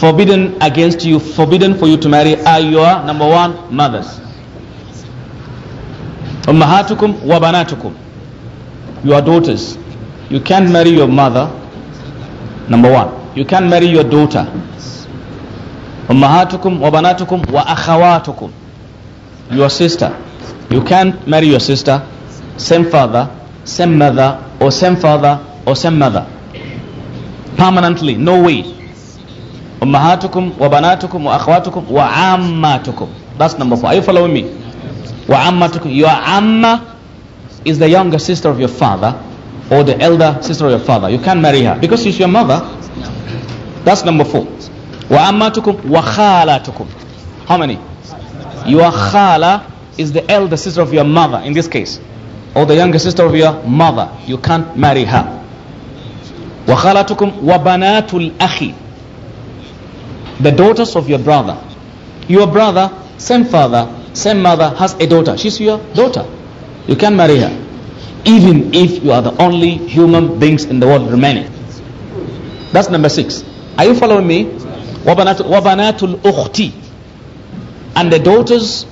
Forbidden against you, forbidden for you to marry are your number one mothers. Ummahatukum wabanatukum. Your daughters. You can't marry your mother. Number one. You can't marry your daughter. Ummahatukum wa banatukum Your sister. You can't marry your sister, same father, same mother, or same father, or same mother. Permanently, no way. Ummahatukum wa banatukum wa That's number four. Are you following me? Wa ammatukum. Your amma is the younger sister of your father or the elder sister of your father. You can't marry her because she's your mother. That's number four. Wa ammatukum wa khalatukum. How many? Your khala is the elder sister of your mother in this case. Or the younger sister of your mother. You can't marry her. Wa khalatukum wa banatul akhi. The daughters of your brother. Your brother, same father, same mother, has a daughter. She's your daughter. You can marry her. Even if you are the only human beings in the world remaining. That's number six. Are you following me? وبنات, الأخت and the daughters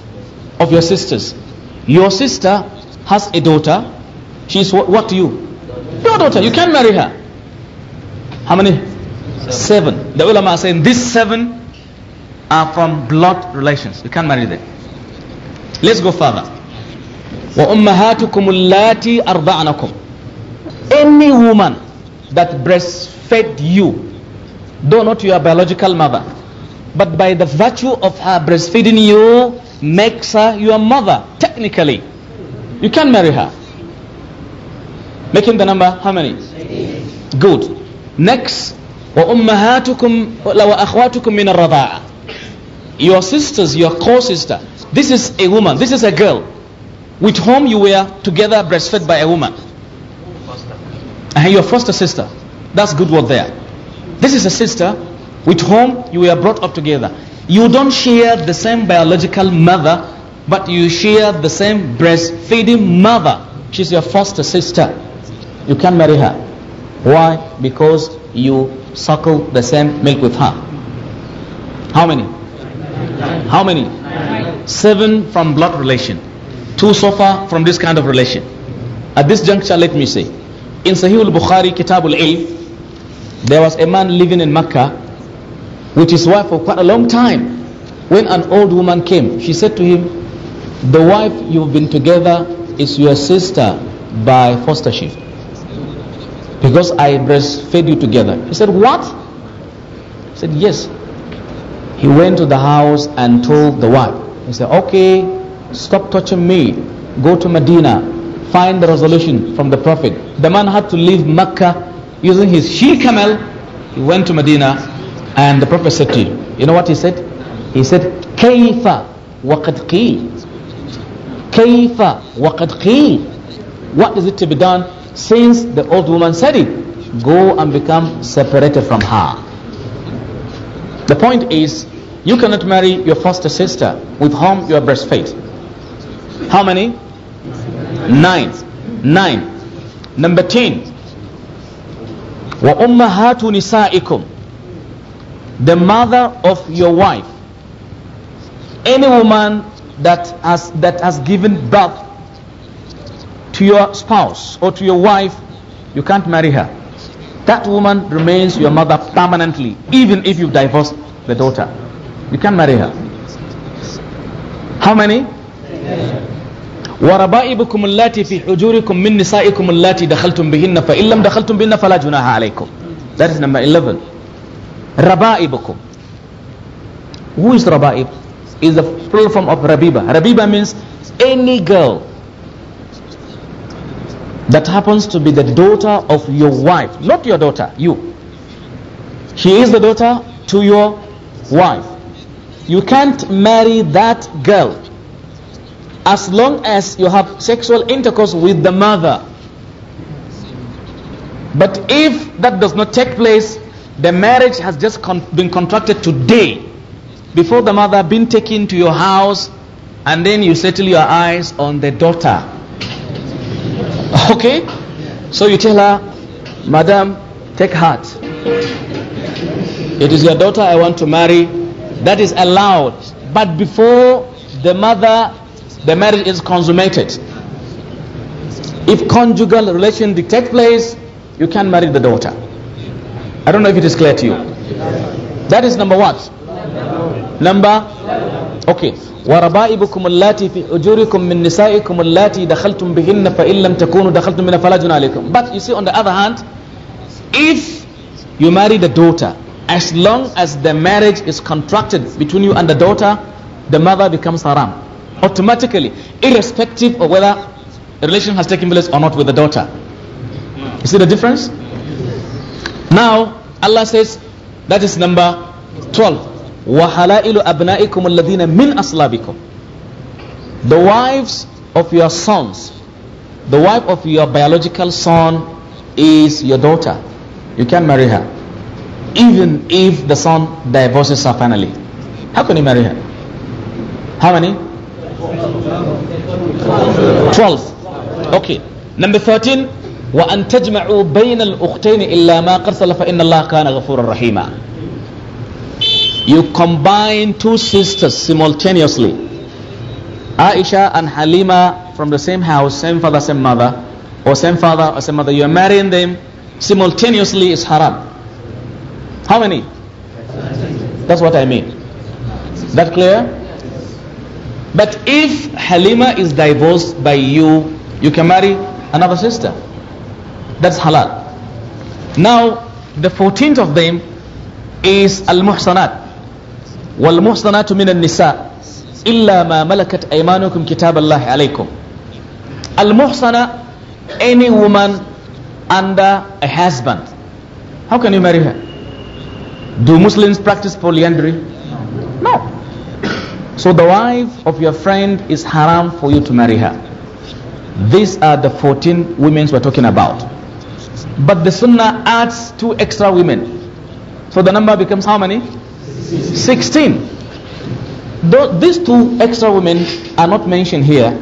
of your sisters your sister has a daughter she is what, what to you your daughter you can marry her how many seven, the ulama are saying these seven are from blood relations you can not marry them let's go further وأمهاتكم اللاتي أرضعنكم any woman that breastfed you though not your biological mother, but by the virtue of her breastfeeding you, makes her your mother, technically. You can marry her. Making the number how many? Good. Next, وأمهاتكم من Your sisters, your co-sister. This is a woman, this is a girl with whom you were together breastfed by a woman. And your foster sister. That's good word there. This is a sister with whom you were brought up together. You don't share the same biological mother, but you share the same breastfeeding mother. She's your foster sister. You can marry her. Why? Because you suckle the same milk with her. How many? How many? Seven from blood relation. Two so far from this kind of relation. At this juncture, let me say, in Sahih al-Bukhari, Kitab al-Ilm, there was a man living in Mecca with his wife for quite a long time. When an old woman came, she said to him, The wife you've been together is your sister by fostership. Because I breastfed you together. He said, What? He said, Yes. He went to the house and told the wife. He said, Okay, stop touching me. Go to Medina. Find the resolution from the Prophet. The man had to leave Mecca using his she camel, he went to Medina and the Prophet said to him, you know what he said? He said, Kaifa وقد قيل Kaifa وقد قيل What is it to be done since the old woman said it? Go and become separated from her. The point is, you cannot marry your foster sister with whom you are breastfed. How many? Nine. Nine. Number ten. The mother of your wife. Any woman that has, that has given birth to your spouse or to your wife, you can't marry her. That woman remains your mother permanently, even if you divorce the daughter. You can't marry her. How many? وربائبكم اللاتي في حجوركم من نسائكم اللاتي دخلتم بهن فإن لم دخلتم بهن فلا جناح عليكم that is number 11 ربائبكم who is ربائب is the plural form of ربيبة ربيبة means any girl that happens to be the daughter of your wife not your daughter you she is the daughter to your wife you can't marry that girl as long as you have sexual intercourse with the mother. But if that does not take place, the marriage has just con been contracted today before the mother been taken to your house and then you settle your eyes on the daughter. Okay? So you tell her, Madam, take heart. It is your daughter I want to marry. That is allowed. But before the mother the marriage is consummated. If conjugal relation takes place, you can marry the daughter. I don't know if it is clear to you. That is number what? Number? Okay. وربائبكم اللاتي في أجوركم من نسائكم اللاتي دخلتم بهن فإن لم تكونوا دخلتم من فلا عليكم. But you see on the other hand, if you marry the daughter, as long as the marriage is contracted between you and the daughter, the mother becomes haram automatically, irrespective of whether a relation has taken place or not with the daughter. You see the difference? Now, Allah says, that is number 12. The wives of your sons, the wife of your biological son is your daughter. You can marry her. Even if the son divorces her finally. How can you marry her? How many? 12 okay number 13 وأن تجمعوا بين الأختين إلا ما قد سلف الله كان غفورا رحيما you combine two sisters simultaneously Aisha and Halima from the same house same father same mother or same father or same mother you are marrying them simultaneously is haram how many that's what I mean that clear But if Halima is divorced by you, you can marry another sister. That's halal. Now, the 14th of them is Al-Muhsanat. وَالْمُحْصَنَاتُ مِنَ النِّسَاءِ إِلَّا مَا مَلَكَتْ أَيْمَانُكُمْ كِتَابَ اللَّهِ عَلَيْكُمْ Al-Muhsana, any woman under a husband. How can you marry her? Do Muslims practice polyandry? No. So the wife of your friend is haram for you to marry her. These are the 14 women we're talking about. But the sunnah adds two extra women. So the number becomes how many? 16. Though these two extra women are not mentioned here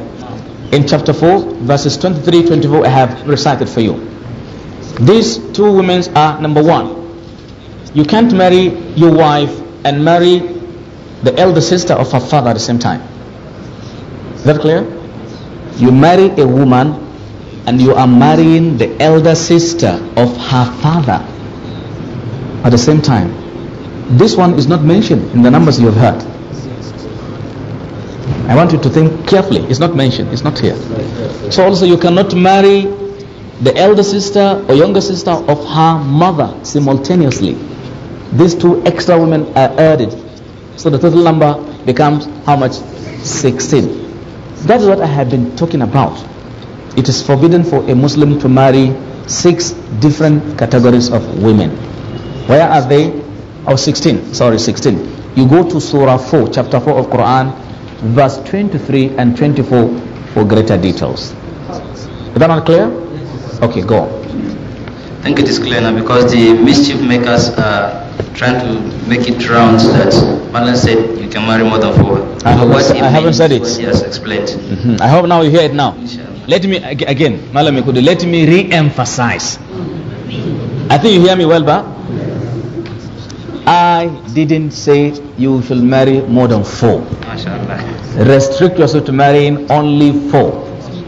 in chapter 4, verses 23 24, I have recited for you. These two women are number one. You can't marry your wife and marry the elder sister of her father at the same time. Is that clear? You marry a woman and you are marrying the elder sister of her father at the same time. This one is not mentioned in the numbers you have heard. I want you to think carefully. It's not mentioned. It's not here. So also you cannot marry the elder sister or younger sister of her mother simultaneously. These two extra women are added so the total number becomes how much? 16. That is what I have been talking about. It is forbidden for a Muslim to marry six different categories of women. Where are they? Oh, 16. Sorry, 16. You go to Surah 4, chapter 4 of Quran, verse 23 and 24 for greater details. Is that not clear? Okay, go on. I think it is clear now because the mischief makers are trying to make it round so that Malam said you can marry more than four. I haven't, I haven't said it. Yes, explained. Mm -hmm. I hope now you hear it now. Let me again, Malam Ikudu, let me re-emphasize. I think you hear me well, ba? I didn't say you should marry more than four. Mashallah. Restrict yourself to marrying only four.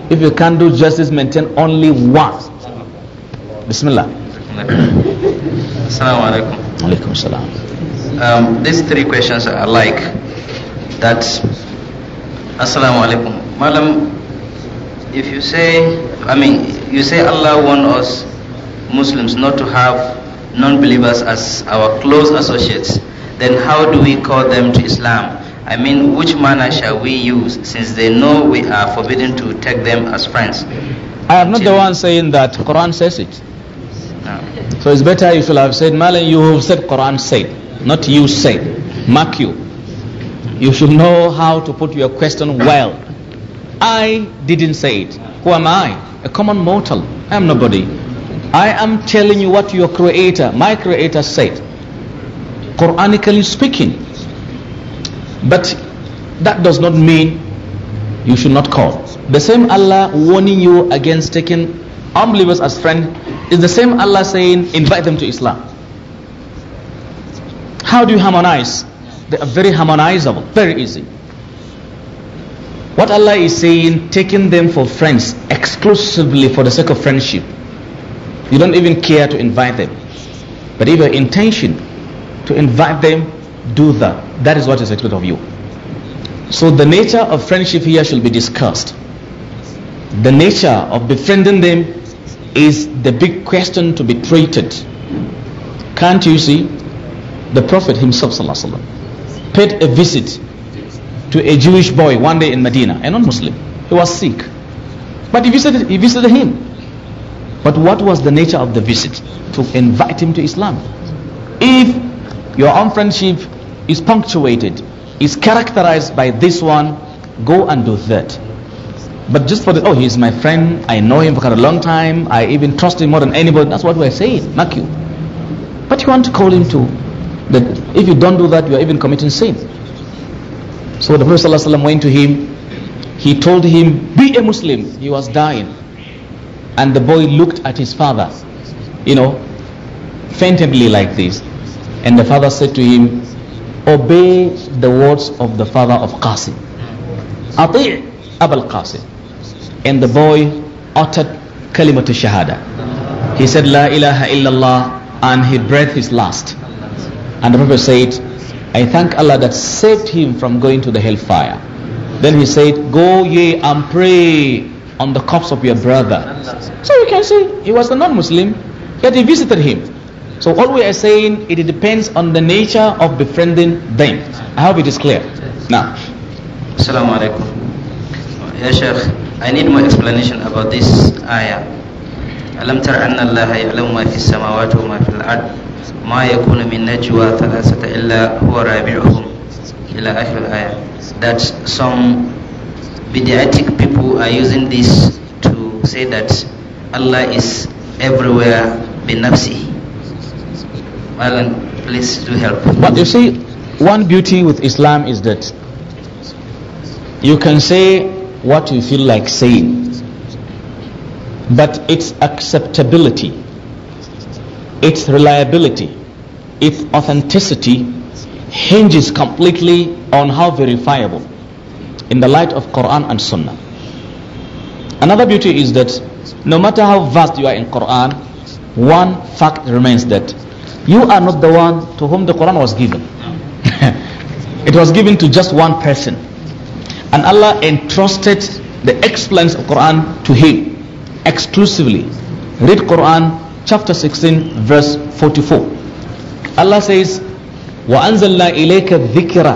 If you can't do justice, maintain only one. Bismillah. Assalamu alaikum. Um, these three questions are like That, Assalamu alaikum. Madam, if you say, I mean, you say Allah wants us Muslims not to have non-believers as our close associates, then how do we call them to Islam? I mean, which manner shall we use since they know we are forbidden to take them as friends? I am not the one saying that. Quran says it. So it's better if you have said, Malan, you have said Quran said, not you said. Mark you. You should know how to put your question well. I didn't say it. Who am I? A common mortal. I am nobody. I am telling you what your creator, my creator said. Quranically speaking. But that does not mean you should not call. The same Allah warning you against taking unbelievers as friend is the same Allah saying, invite them to Islam. How do you harmonize? They are very harmonizable, very easy. What Allah is saying, taking them for friends exclusively for the sake of friendship. You don't even care to invite them. But if your intention to invite them, do that. That is what is expected of you. So the nature of friendship here should be discussed. The nature of befriending them is the big question to be treated. Can't you see? The Prophet himself وسلم, paid a visit to a Jewish boy one day in Medina, a non-Muslim. He was sick. But he visited, he visited him. But what was the nature of the visit? To invite him to Islam. If your own friendship is punctuated, is characterized by this one, go and do that. But just for the, oh, he's my friend, I know him for a long time, I even trust him more than anybody, that's what we're saying, mark you. But you want to call him to, that if you don't do that, you are even committing sin. So the Prophet ﷺ went to him, he told him, be a Muslim, he was dying. And the boy looked at his father, you know, faintly like this. And the father said to him, obey the words of the father of Qasim. Ati' Abul Qasim and the boy uttered kalimatu shahada. He said la ilaha illallah and he breathed his last. And the Prophet said, I thank Allah that saved him from going to the hellfire. Then he said, go ye and pray on the corpse of your brother. So you can see, he was a non-Muslim, yet he visited him. So all we are saying, it depends on the nature of befriending them. I hope it is clear. Now. Assalamu alaikum. Ya Sheikh, I need more explanation about this ayah. ألم تر أن الله يعلم ما في السماوات وما في الأرض ما يكون من نجوى ثلاثة إلا هو رابعهم إلى آخر الآية that some bidiatic people are using this to say that Allah is everywhere بنفسه Alan, please do help but you see one beauty with Islam is that you can say what you feel like saying, but its acceptability, its reliability, its authenticity hinges completely on how verifiable in the light of Quran and Sunnah. Another beauty is that no matter how vast you are in Quran, one fact remains that you are not the one to whom the Quran was given. it was given to just one person. And Allah entrusted the explains of Quran to him exclusively. Read Quran chapter 16 verse 44. Allah says, وَأَنزَلْنَا إِلَيْكَ الذِّكْرَ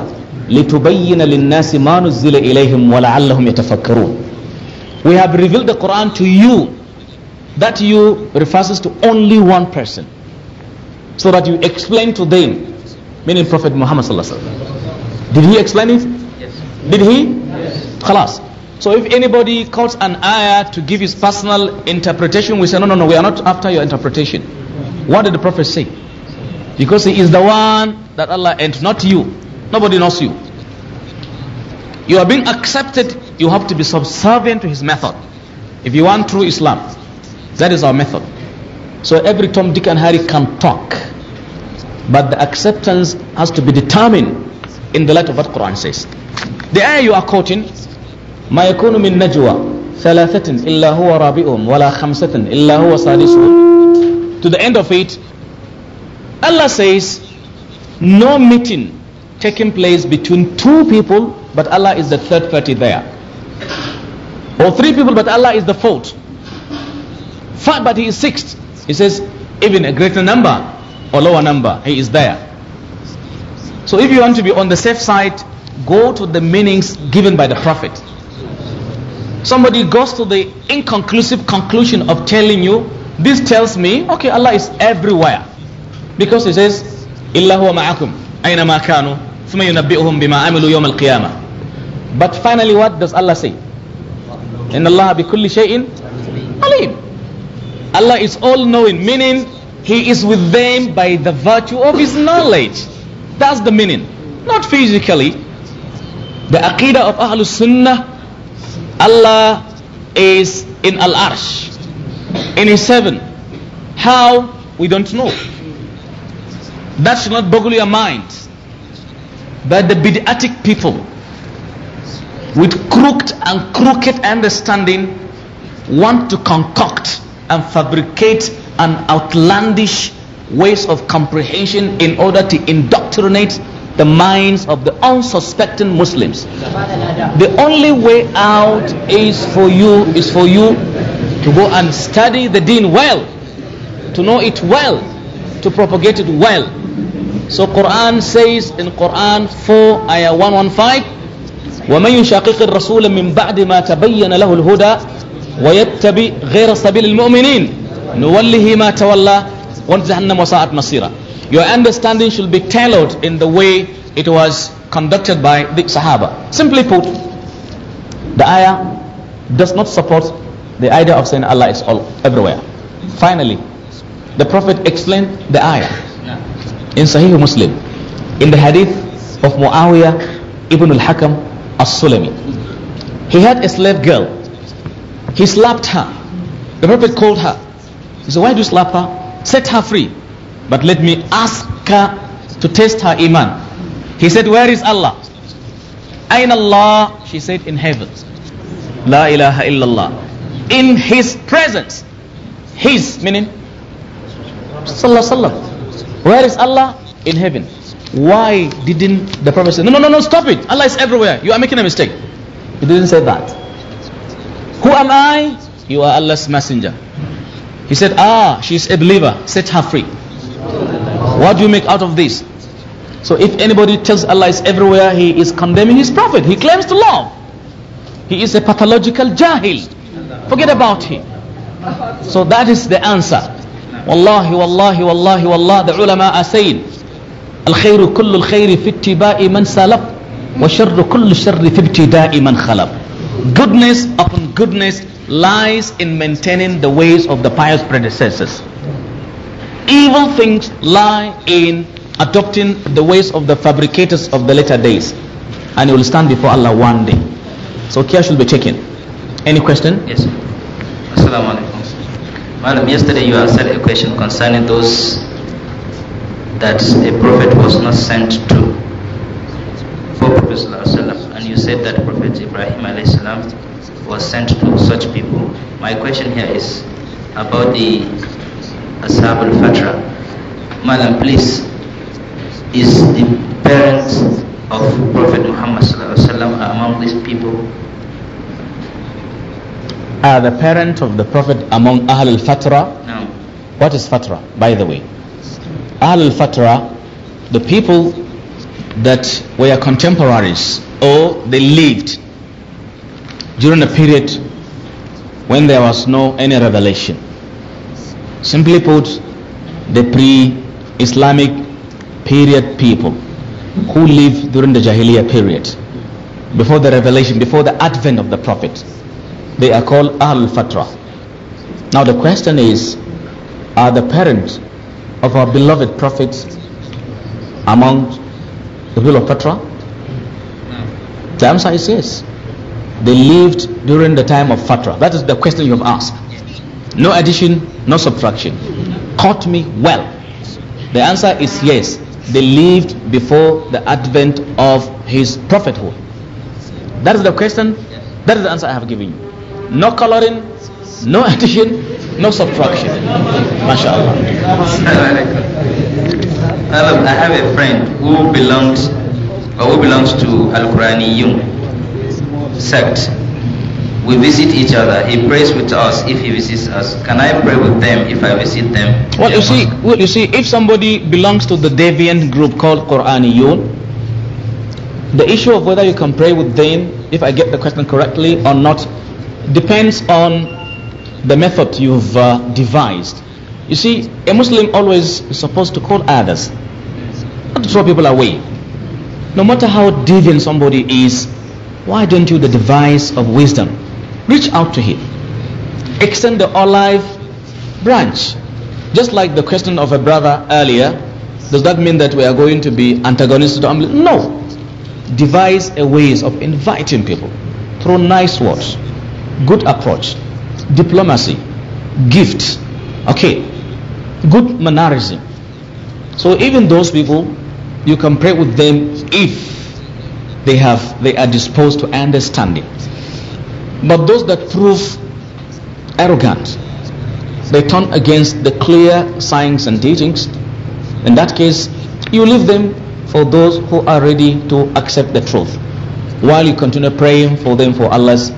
لِتُبَيِّنَ لِلنَّاسِ مَا نُزِّلَ إِلَيْهِمْ وَلَعَلَّهُمْ يَتَفَكَّرُونَ We have revealed the Quran to you. That you refers to only one person. So that you explain to them, meaning Prophet Muhammad Did he explain it? Yes. Did he? Khalas. So if anybody quotes an ayah to give his personal interpretation, we say, no, no, no, we are not after your interpretation. What did the Prophet say? Because he is the one that Allah and not you. Nobody knows you. You are being accepted, you have to be subservient to his method. If you want true Islam, that is our method. So every Tom, Dick and Harry can talk. But the acceptance has to be determined in the light of what Quran says. The ayah you are quoting, ما يكون من نجوى ثلاثة إلا هو رابئهم ولا خمسة إلا هو سادسهم. To the end of it, Allah says, no meeting taking place between two people, but Allah is the third party there. Or three people, but Allah is the fourth. Five, but He is sixth. He says, even a greater number or lower number, He is there. So if you want to be on the safe side, go to the meanings given by the prophet somebody goes to the inconclusive conclusion of telling you this tells me okay allah is everywhere because he says illahu ma'akum aina ma kanu thumma yunabbi'uhum bima amilu yawm al-qiyamah but finally what does allah say in allah bi kulli shay'in alim allah is all knowing meaning he is with them by the virtue of his knowledge that's the meaning not physically the Aqidah of Ahlul Sunnah, Allah is in Al Arsh, in His heaven. How? We don't know. That should not boggle your mind. But the bid'atic people with crooked and crooked understanding want to concoct and fabricate an outlandish ways of comprehension in order to indoctrinate the minds of the unsuspecting Muslims. The only way out is for you is for you to go and study the deen well, to know it well, to propagate it well. So Quran says in Quran 4 ayah 115 ومن يشاقق الرسول من بعد ما تبين له الهدى ويتبع غير سبيل المؤمنين نوله ما تولى ونجهنم وساءت your understanding should be tailored in the way it was conducted by the Sahaba. Simply put, the ayah does not support the idea of saying Allah is all everywhere. Finally, the Prophet explained the ayah in Sahih Muslim in the hadith of Muawiyah ibn al-Hakam as-Sulami. He had a slave girl. He slapped her. The Prophet called her. He said, why do you slap her? Set her free. But let me ask her to test her iman. He said, Where is Allah? Ain Allah? She said, In heaven. La ilaha illallah. In His presence. His meaning? Sallallahu Alaihi Where is Allah? In heaven. Why didn't the Prophet say, No, no, no, no, stop it. Allah is everywhere. You are making a mistake. He didn't say that. Who am I? You are Allah's messenger. He said, Ah, she is a believer. Set her free. What do you make out of this? So if anybody tells Allah is everywhere, he is condemning his prophet. He claims to love. He is a pathological jahil. Forget about him. So that is the answer. Wallahi, wallahi, wallahi, wallahi. The ulama are saying, al كل الخير في man من wa وشر kullu شر في ابتداء man khalaf. goodness upon goodness lies in maintaining the ways of the pious predecessors evil things lie in adopting the ways of the fabricators of the later days and you will stand before Allah one day so care should be taken any question yes assalamu alaikum madam yesterday you answered a question concerning those that a prophet was not sent to for prophet and you said that prophet ibrahim was sent to such people my question here is about the Ashab al-Fatra. Madam, please, is the parents of Prophet Muhammad among these people? Are the parents of the Prophet among Ahl al-Fatra? No. What is Fatra, by the way? Ahl al-Fatra, the people that were contemporaries or they lived during a period when there was no any revelation Simply put, the pre-Islamic period people who lived during the Jahiliya period, before the revelation, before the advent of the Prophet, they are called Al-Fatra. Now the question is, are the parents of our beloved prophets among the people of Fatra? The answer is yes. They lived during the time of Fatra. That is the question you have asked. No addition, no subtraction. Caught me well. The answer is yes. They lived before the advent of his prophethood. That is the question. That is the answer I have given you. No coloring, no addition, no subtraction. MashaAllah. I have a friend who belongs or who belongs to Al Quraniyun sect we visit each other. He prays with us if he visits us. Can I pray with them if I visit them? Well, you see, well, you see, if somebody belongs to the deviant group called Quraniyun, the issue of whether you can pray with them, if I get the question correctly or not, depends on the method you've uh, devised. You see, a Muslim always is supposed to call others, not to throw people away. No matter how deviant somebody is, why don't you the device of wisdom? Reach out to him. Extend the olive branch. Just like the question of a brother earlier, does that mean that we are going to be antagonistic to Amli? No. Devise a ways of inviting people through nice words, good approach, diplomacy, gift, okay, good mannerism. So even those people, you can pray with them if they have they are disposed to understand it. But those that prove arrogant, they turn against the clear signs and teachings. In that case, you leave them for those who are ready to accept the truth while you continue praying for them for Allah's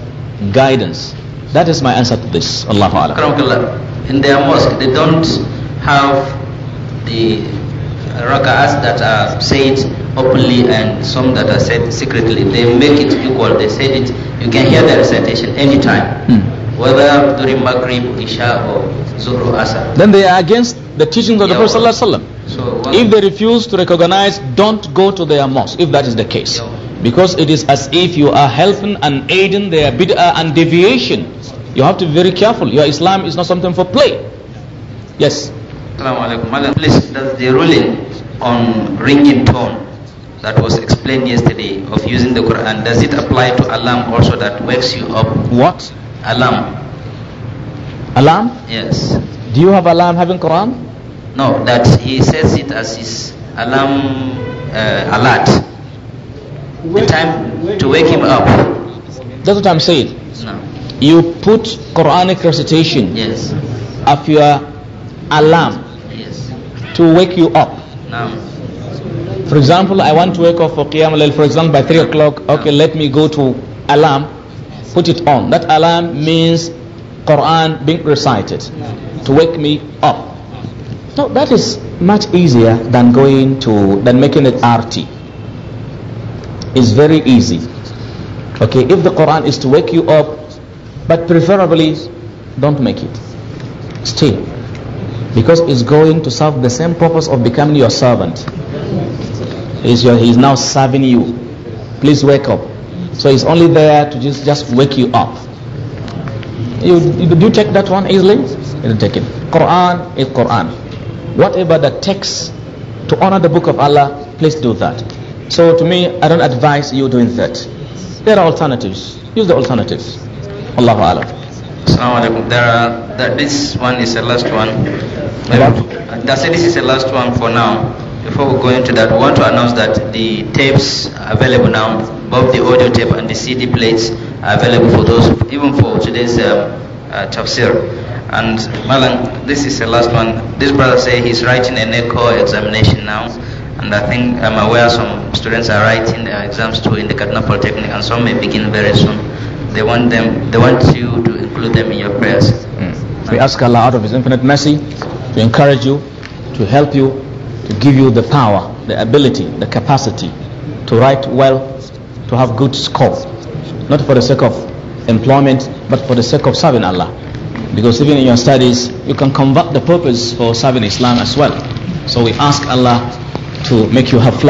guidance. That is my answer to this. Allahu Akbar. In their mosque, they don't have the rak'ahs that are said openly and some that are said secretly. They make it equal. They say it you can hear the recitation anytime, hmm. whether during Maghrib, Isha, or Zuhr Asr. Then they are against the teachings of the Prophet Sallallahu Alaihi Wasallam. if they refuse to recognize, don't go to their mosque, if that is the case. Because it is as if you are helping and aiding their bid'ah and deviation. You have to be very careful. Your Islam is not something for play. Yes. Please, does the ruling on ringing tone that was explained yesterday of using the Quran, does it apply to alarm also that wakes you up? What? Alarm. Alarm? Yes. Do you have alarm having Quran? No, that he says it as his alarm uh, alert. The time to wake him up. That's what I'm saying. No. You put Quranic recitation yes. of your alarm yes. to wake you up. No. For example, I want to wake up for Qiyam al for example, by 3 o'clock. Okay, let me go to alarm, put it on. That alarm means Quran being recited to wake me up. No, that is much easier than going to, than making it RT. It's very easy. Okay, if the Quran is to wake you up, but preferably don't make it. still, Because it's going to serve the same purpose of becoming your servant. He's, your, he's now serving you. Please wake up. So he's only there to just, just wake you up. You, you, do you take that one easily? You not take it. Quran is Quran. Whatever the text, to honor the book of Allah, please do that. So to me, I don't advise you doing that. There are alternatives. Use the alternatives. Allahu Alam. Assalamu There are, this one is the last one. That's it this is the last one for now? before we go into that, we want to announce that the tapes are available now, both the audio tape and the CD plates are available for those, even for today's um, uh, tafsir. And Malang, this is the last one. This brother say he's writing an echo examination now, and I think I'm aware some students are writing their exams too in the Kaduna Polytechnic, and some may begin very soon. They want them, they want you to include them in your prayers. Mm. We ask Allah out of His infinite mercy to encourage you, to help you, to give you the power, the ability, the capacity to write well, to have good score. Not for the sake of employment, but for the sake of serving Allah. Because even in your studies, you can convert the purpose for serving Islam as well. So we ask Allah to make you have flight.